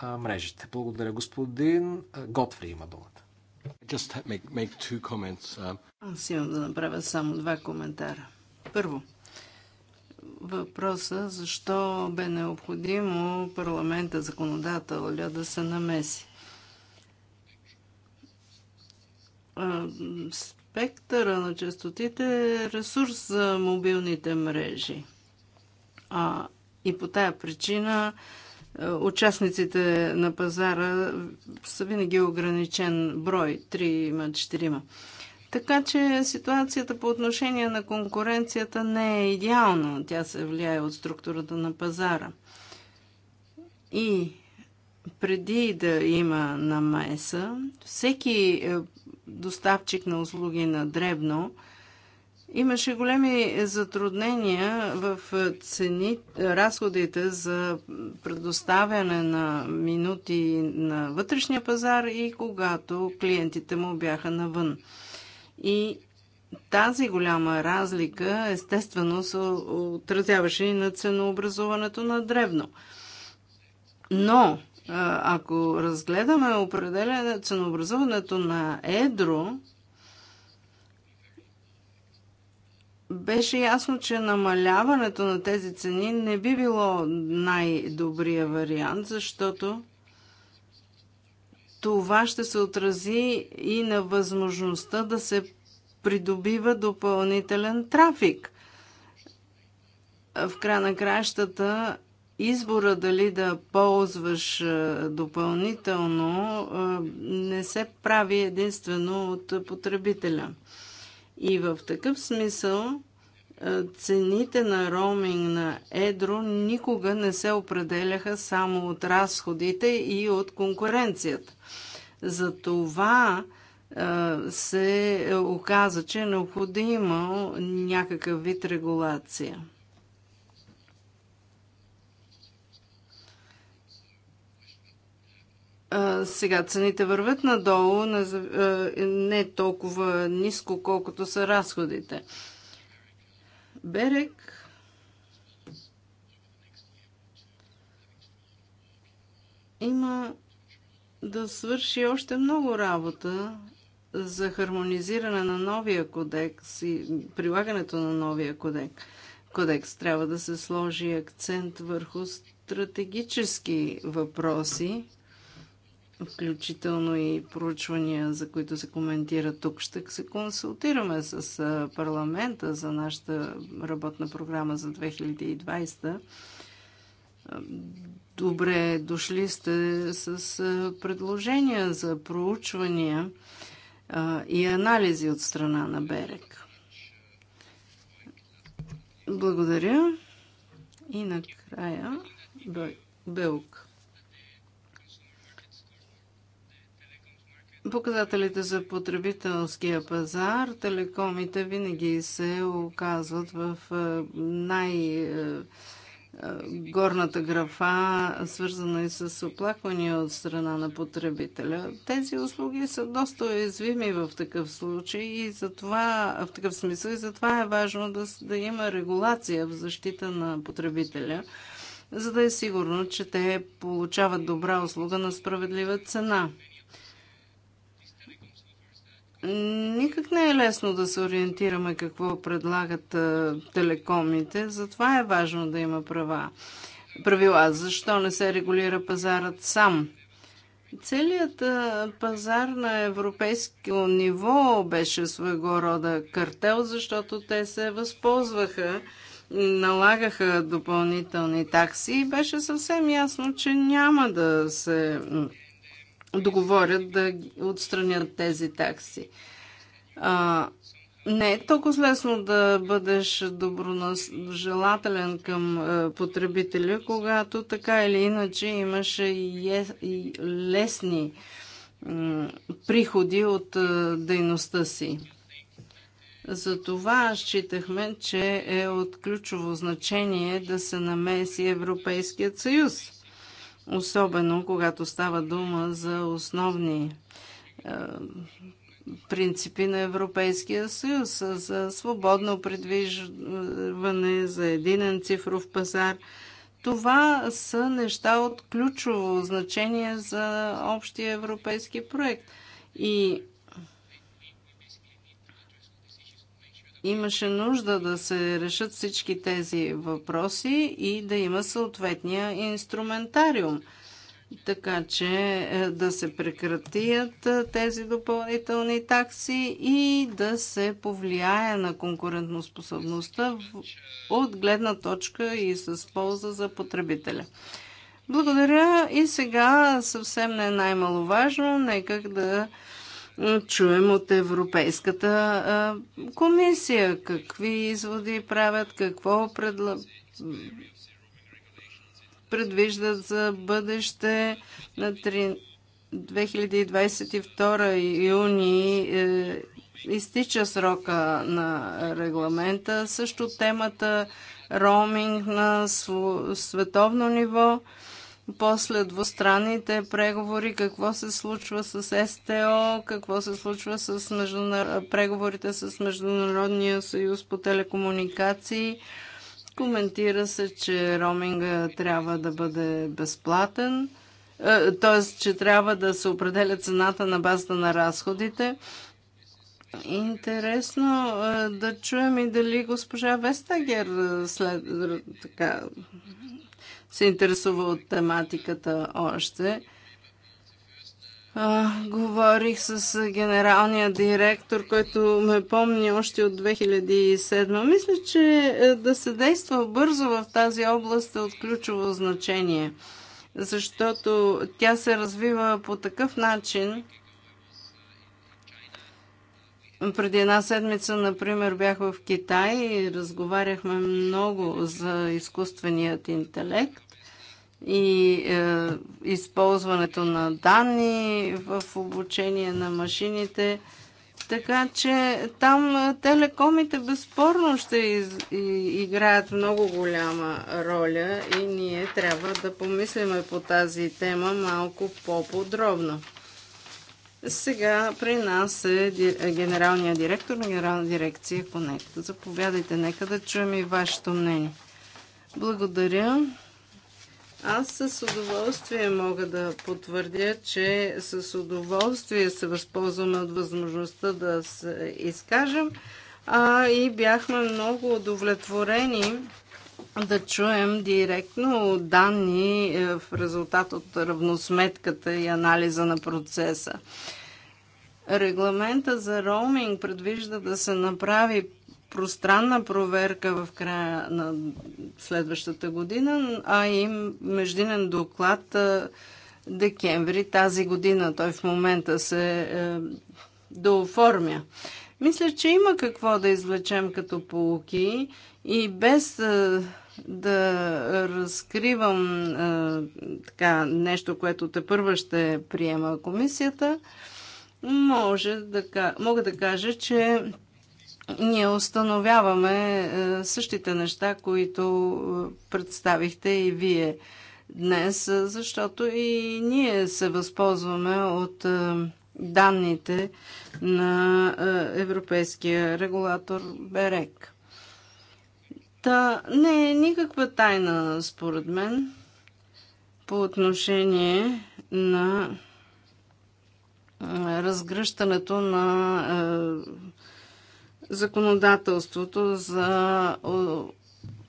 [SPEAKER 1] мрежите. Благодаря, господин Готфри има думата. Make, make uh,
[SPEAKER 3] Аз имам да направя само два коментара. Първо, въпроса защо бе необходимо парламента законодателя да се намеси. Спектъра на частотите е ресурс за мобилните мрежи. А, и по тая причина участниците на пазара са винаги ограничен брой, 3-4. Така че ситуацията по отношение на конкуренцията не е идеална. Тя се влияе от структурата на пазара. И преди да има намеса, всеки е, доставчик на услуги на дребно – Имаше големи затруднения в е, цени, е, разходите за предоставяне на минути на вътрешния пазар и когато клиентите му бяха навън. И тази голяма разлика естествено се отразяваше и на ценообразуването на древно. Но е, ако разгледаме определене ценообразуването на едро, беше ясно, че намаляването на тези цени не би било най-добрия вариант, защото това ще се отрази и на възможността да се придобива допълнителен трафик. В края на краищата избора дали да ползваш допълнително не се прави единствено от потребителя. И в такъв смисъл цените на роуминг на Едро никога не се определяха само от разходите и от конкуренцията. Затова се оказа, че е необходимо някакъв вид регулация. сега цените върват надолу, не толкова ниско, колкото са разходите. Берек има да свърши още много работа за хармонизиране на новия кодекс и прилагането на новия кодекс. Кодекс трябва да се сложи акцент върху стратегически въпроси, включително и проучвания, за които се коментира тук. Ще се консултираме с парламента за нашата работна програма за 2020. Добре дошли сте с предложения за проучвания и анализи от страна на Берек. Благодаря. И накрая Белк. показателите за потребителския пазар, телекомите винаги се оказват в е, най- е, е, горната графа, свързана и с оплаквания от страна на потребителя. Тези услуги са доста уязвими в такъв случай и затова, в такъв смисъл и затова е важно да, да има регулация в защита на потребителя, за да е сигурно, че те получават добра услуга на справедлива цена. Никак не е лесно да се ориентираме какво предлагат телекомите, затова е важно да има права. Правила, защо не се регулира пазарът сам? Целият пазар на европейско ниво беше своего рода картел, защото те се възползваха, налагаха допълнителни такси и беше съвсем ясно, че няма да се договорят да отстранят тези такси. А, не е толкова лесно да бъдеш доброжелателен към потребителя, когато така или иначе имаш и лесни приходи от дейността си. Затова считахме, че е от ключово значение да се намеси Европейският съюз особено когато става дума за основни е, принципи на Европейския съюз, за свободно придвижване, за единен цифров пазар. Това са неща от ключово значение за общия европейски проект. И имаше нужда да се решат всички тези въпроси и да има съответния инструментариум, така че е, да се прекратият е, тези допълнителни такси и да се повлияе на конкурентоспособността от гледна точка и с полза за потребителя. Благодаря и сега съвсем не е най-маловажно, нека да е, чуем от Европейската е, комисия какви изводи правят, какво предвиждат за бъдеще на 2022 юни е, изтича срока на регламента. Също темата роуминг на световно ниво после двустранните преговори, какво се случва с СТО, какво се случва с международ... преговорите с Международния съюз по телекомуникации. Коментира се, че роминга трябва да бъде безплатен, т.е. че трябва да се определя цената на базата на разходите. Интересно е, да чуем и дали госпожа Вестагер е, след, така, се интересува от тематиката още. говорих с генералния директор, който ме помни още от 2007. Мисля, че е, да се действа бързо в тази област е от ключово значение, защото тя се развива по такъв начин. Преди една седмица, например, бях в Китай и разговаряхме много за изкуственият интелект и е, използването на данни в обучение на машините. Така че там е, телекомите безспорно ще из, и, играят много голяма роля и ние трябва да помислиме по тази тема малко по-подробно. Сега при нас е, е генералният директор на генерална дирекция Конект. Заповядайте, нека да чуем и вашето мнение. Благодаря. Аз с удоволствие мога да потвърдя, че с удоволствие се възползваме от възможността да се изкажем а, и бяхме много удовлетворени да чуем директно данни е, в резултат от равносметката и анализа на процеса. Регламента за роуминг предвижда да се направи пространна проверка в края на следващата година, а и междинен доклад декември тази година. Той в момента се е, дооформя. Мисля, че има какво да извлечем като полуки и без е, да разкривам е, така, нещо, което те първа ще приема комисията, може да, мога да кажа, че ние установяваме е, същите неща, които е, представихте и вие днес, е, защото и ние се възползваме от данните на европейския регулатор БЕРЕК. Та не е никаква тайна, според мен, по отношение на разгръщането на законодателството за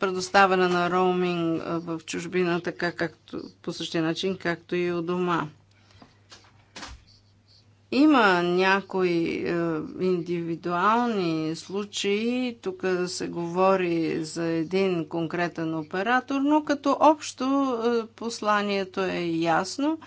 [SPEAKER 3] предоставяне на роуминг в чужбина така както, по същия начин, както и у дома. Има някои е, индивидуални случаи, тук се говори за един конкретен оператор, но като общо е, посланието е ясно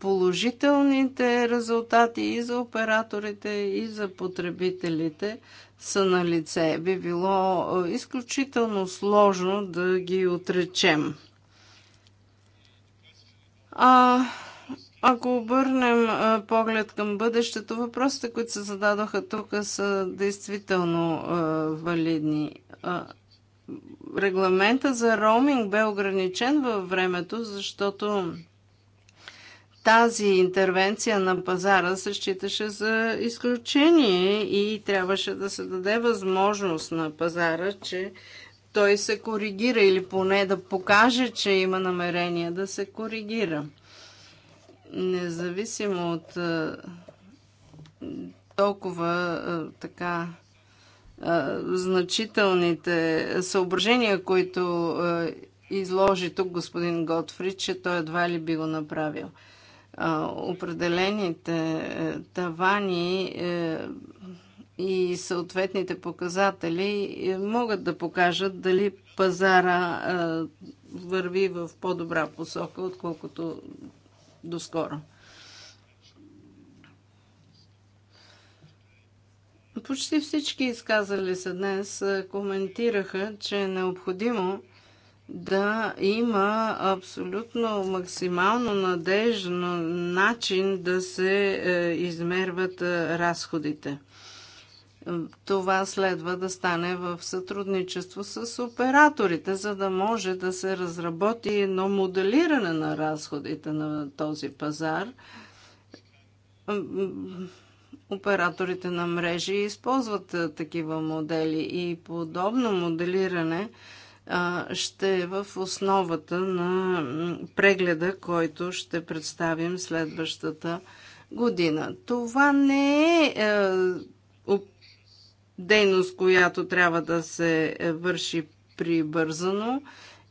[SPEAKER 3] положителните резултати и за операторите, и за потребителите са на лице. Би било изключително сложно да ги отречем. А, ако обърнем поглед към бъдещето, въпросите, които се зададоха тук, са действително а, валидни. А, регламента за роуминг бе ограничен във времето, защото тази интервенция на пазара се считаше за изключение и трябваше да се даде възможност на пазара, че той се коригира или поне да покаже, че има намерение да се коригира. Независимо от толкова така значителните съображения, които изложи тук господин Готфрид, че той едва ли би го направил определените е, тавани е, и съответните показатели е, могат да покажат дали пазара върви в по-добра посока, отколкото доскоро. Почти всички изказали се днес коментираха, че е необходимо да има абсолютно максимално надежно начин да се е, измерват е, разходите. Това следва да стане в сътрудничество с операторите, за да може да се разработи едно моделиране на разходите на този пазар. Операторите на мрежи използват е, такива модели и подобно моделиране – ще е в основата на прегледа, който ще представим следващата година. Това не е, е дейност, която трябва да се е, върши прибързано.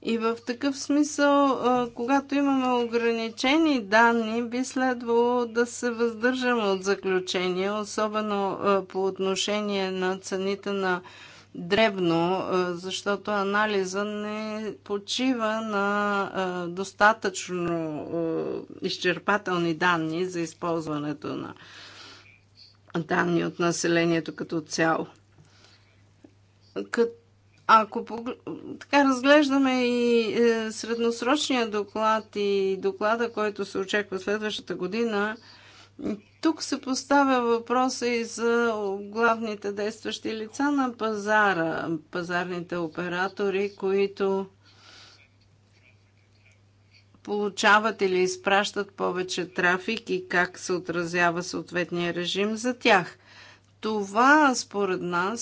[SPEAKER 3] И в такъв смисъл, е, когато имаме ограничени данни, би следвало да се въздържаме от заключения, особено по отношение на цените на дребно, защото анализа не почива на достатъчно изчерпателни данни за използването на данни от населението като цяло. Като ако така разглеждаме и е, средносрочния доклад и доклада, който се очаква следващата година, тук се поставя въпроса и за главните действащи лица на пазара, пазарните оператори, които получават или изпращат повече трафик и как се отразява съответния режим за тях. Това, според нас,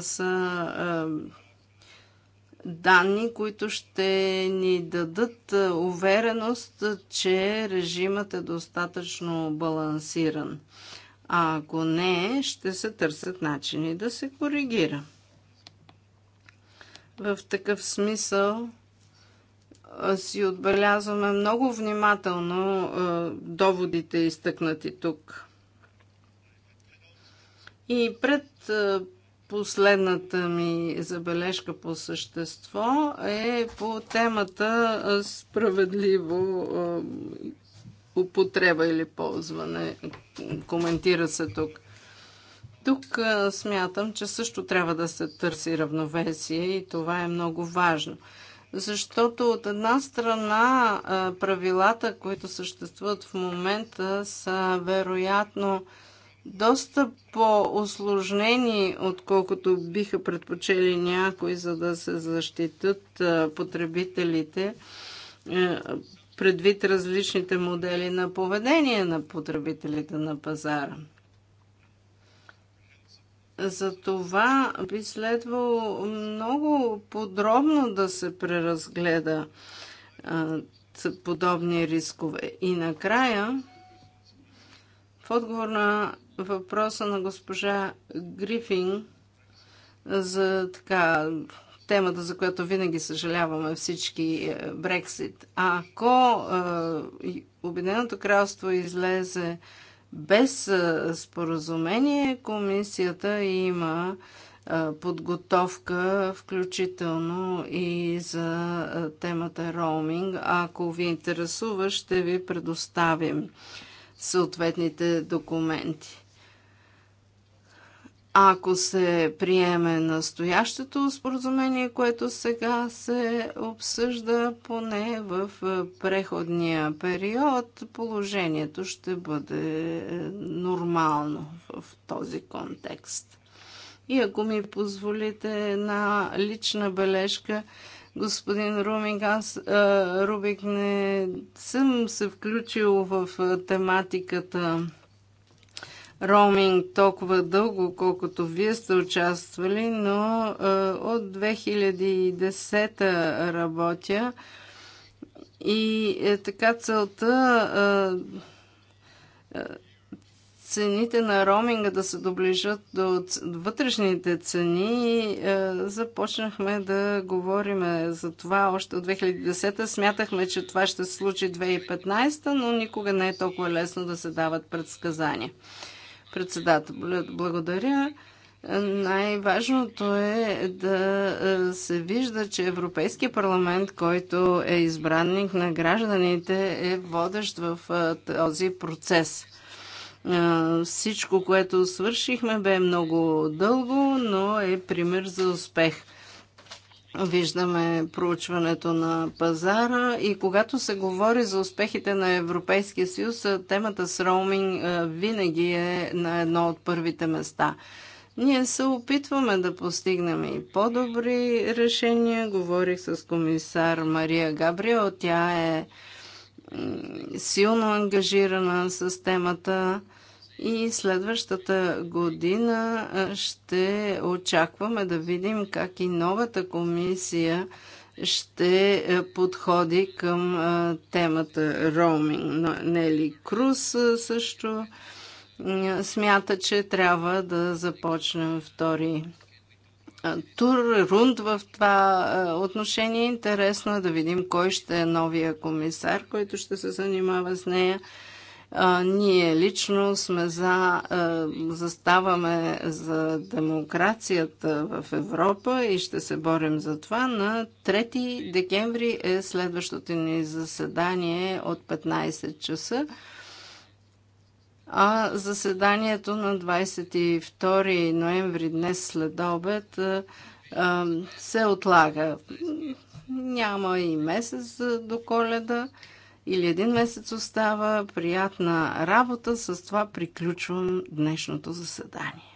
[SPEAKER 3] са данни, които ще ни дадат е, увереност, че режимът е достатъчно балансиран. А ако не, ще се търсят начини да се коригира. В такъв смисъл е, си отбелязваме много внимателно е, доводите изтъкнати тук. И пред Последната ми забележка по същество е по темата справедливо употреба или ползване. Коментира се тук. Тук смятам, че също трябва да се търси равновесие и това е много важно. Защото от една страна правилата, които съществуват в момента, са вероятно доста по-осложнени, отколкото биха предпочели някои, за да се защитат потребителите предвид различните модели на поведение на потребителите на пазара. За това би следвало много подробно да се преразгледа подобни рискове. И накрая, в отговор на въпроса на госпожа Грифин за така темата, за която винаги съжаляваме всички е, Брексит. Ако е, Обединеното кралство излезе без е, споразумение, комисията има е, подготовка, включително и за е, темата роуминг. Ако ви интересува, ще ви предоставим съответните документи. Ако се приеме настоящето споразумение, което сега се обсъжда, поне в е, преходния период, положението ще бъде е, нормално в този контекст. И ако ми позволите една лична бележка, господин Руминг, аз, е, Рубик, не съм се включил в тематиката роуминг толкова дълго, колкото вие сте участвали, но е, от 2010 работя и е така целта е, е, цените на роуминга да се доближат до вътрешните цени и започнахме да говорим за това още от 2010. Смятахме, че това ще се случи 2015, но никога не е толкова лесно да се дават предсказания. Председател, благодаря. Най-важното е да е, се вижда, че Европейския парламент, който е избранник на гражданите, е водещ в е, този процес. Е, всичко, което свършихме, бе много дълго, но е пример за успех – виждаме проучването на пазара и когато се говори за успехите на Европейския съюз, темата с роуминг винаги е на едно от първите места. Ние се опитваме да постигнем и по-добри решения. Говорих с комисар Мария Габриел. Тя е силно ангажирана с темата. И следващата година ще очакваме да видим как и новата комисия ще подходи към темата роуминг. Нели Круз също смята, че трябва да започнем втори тур, рунд в това отношение. Интересно е да видим кой ще е новия комисар, който ще се занимава с нея. А, ние лично сме за, а, заставаме за демокрацията в Европа и ще се борим за това. На 3 декември е следващото ни заседание от 15 часа. А заседанието на 22 ноември днес след обед се отлага. Няма и месец до коледа или един месец остава. Приятна работа. С това приключвам днешното заседание.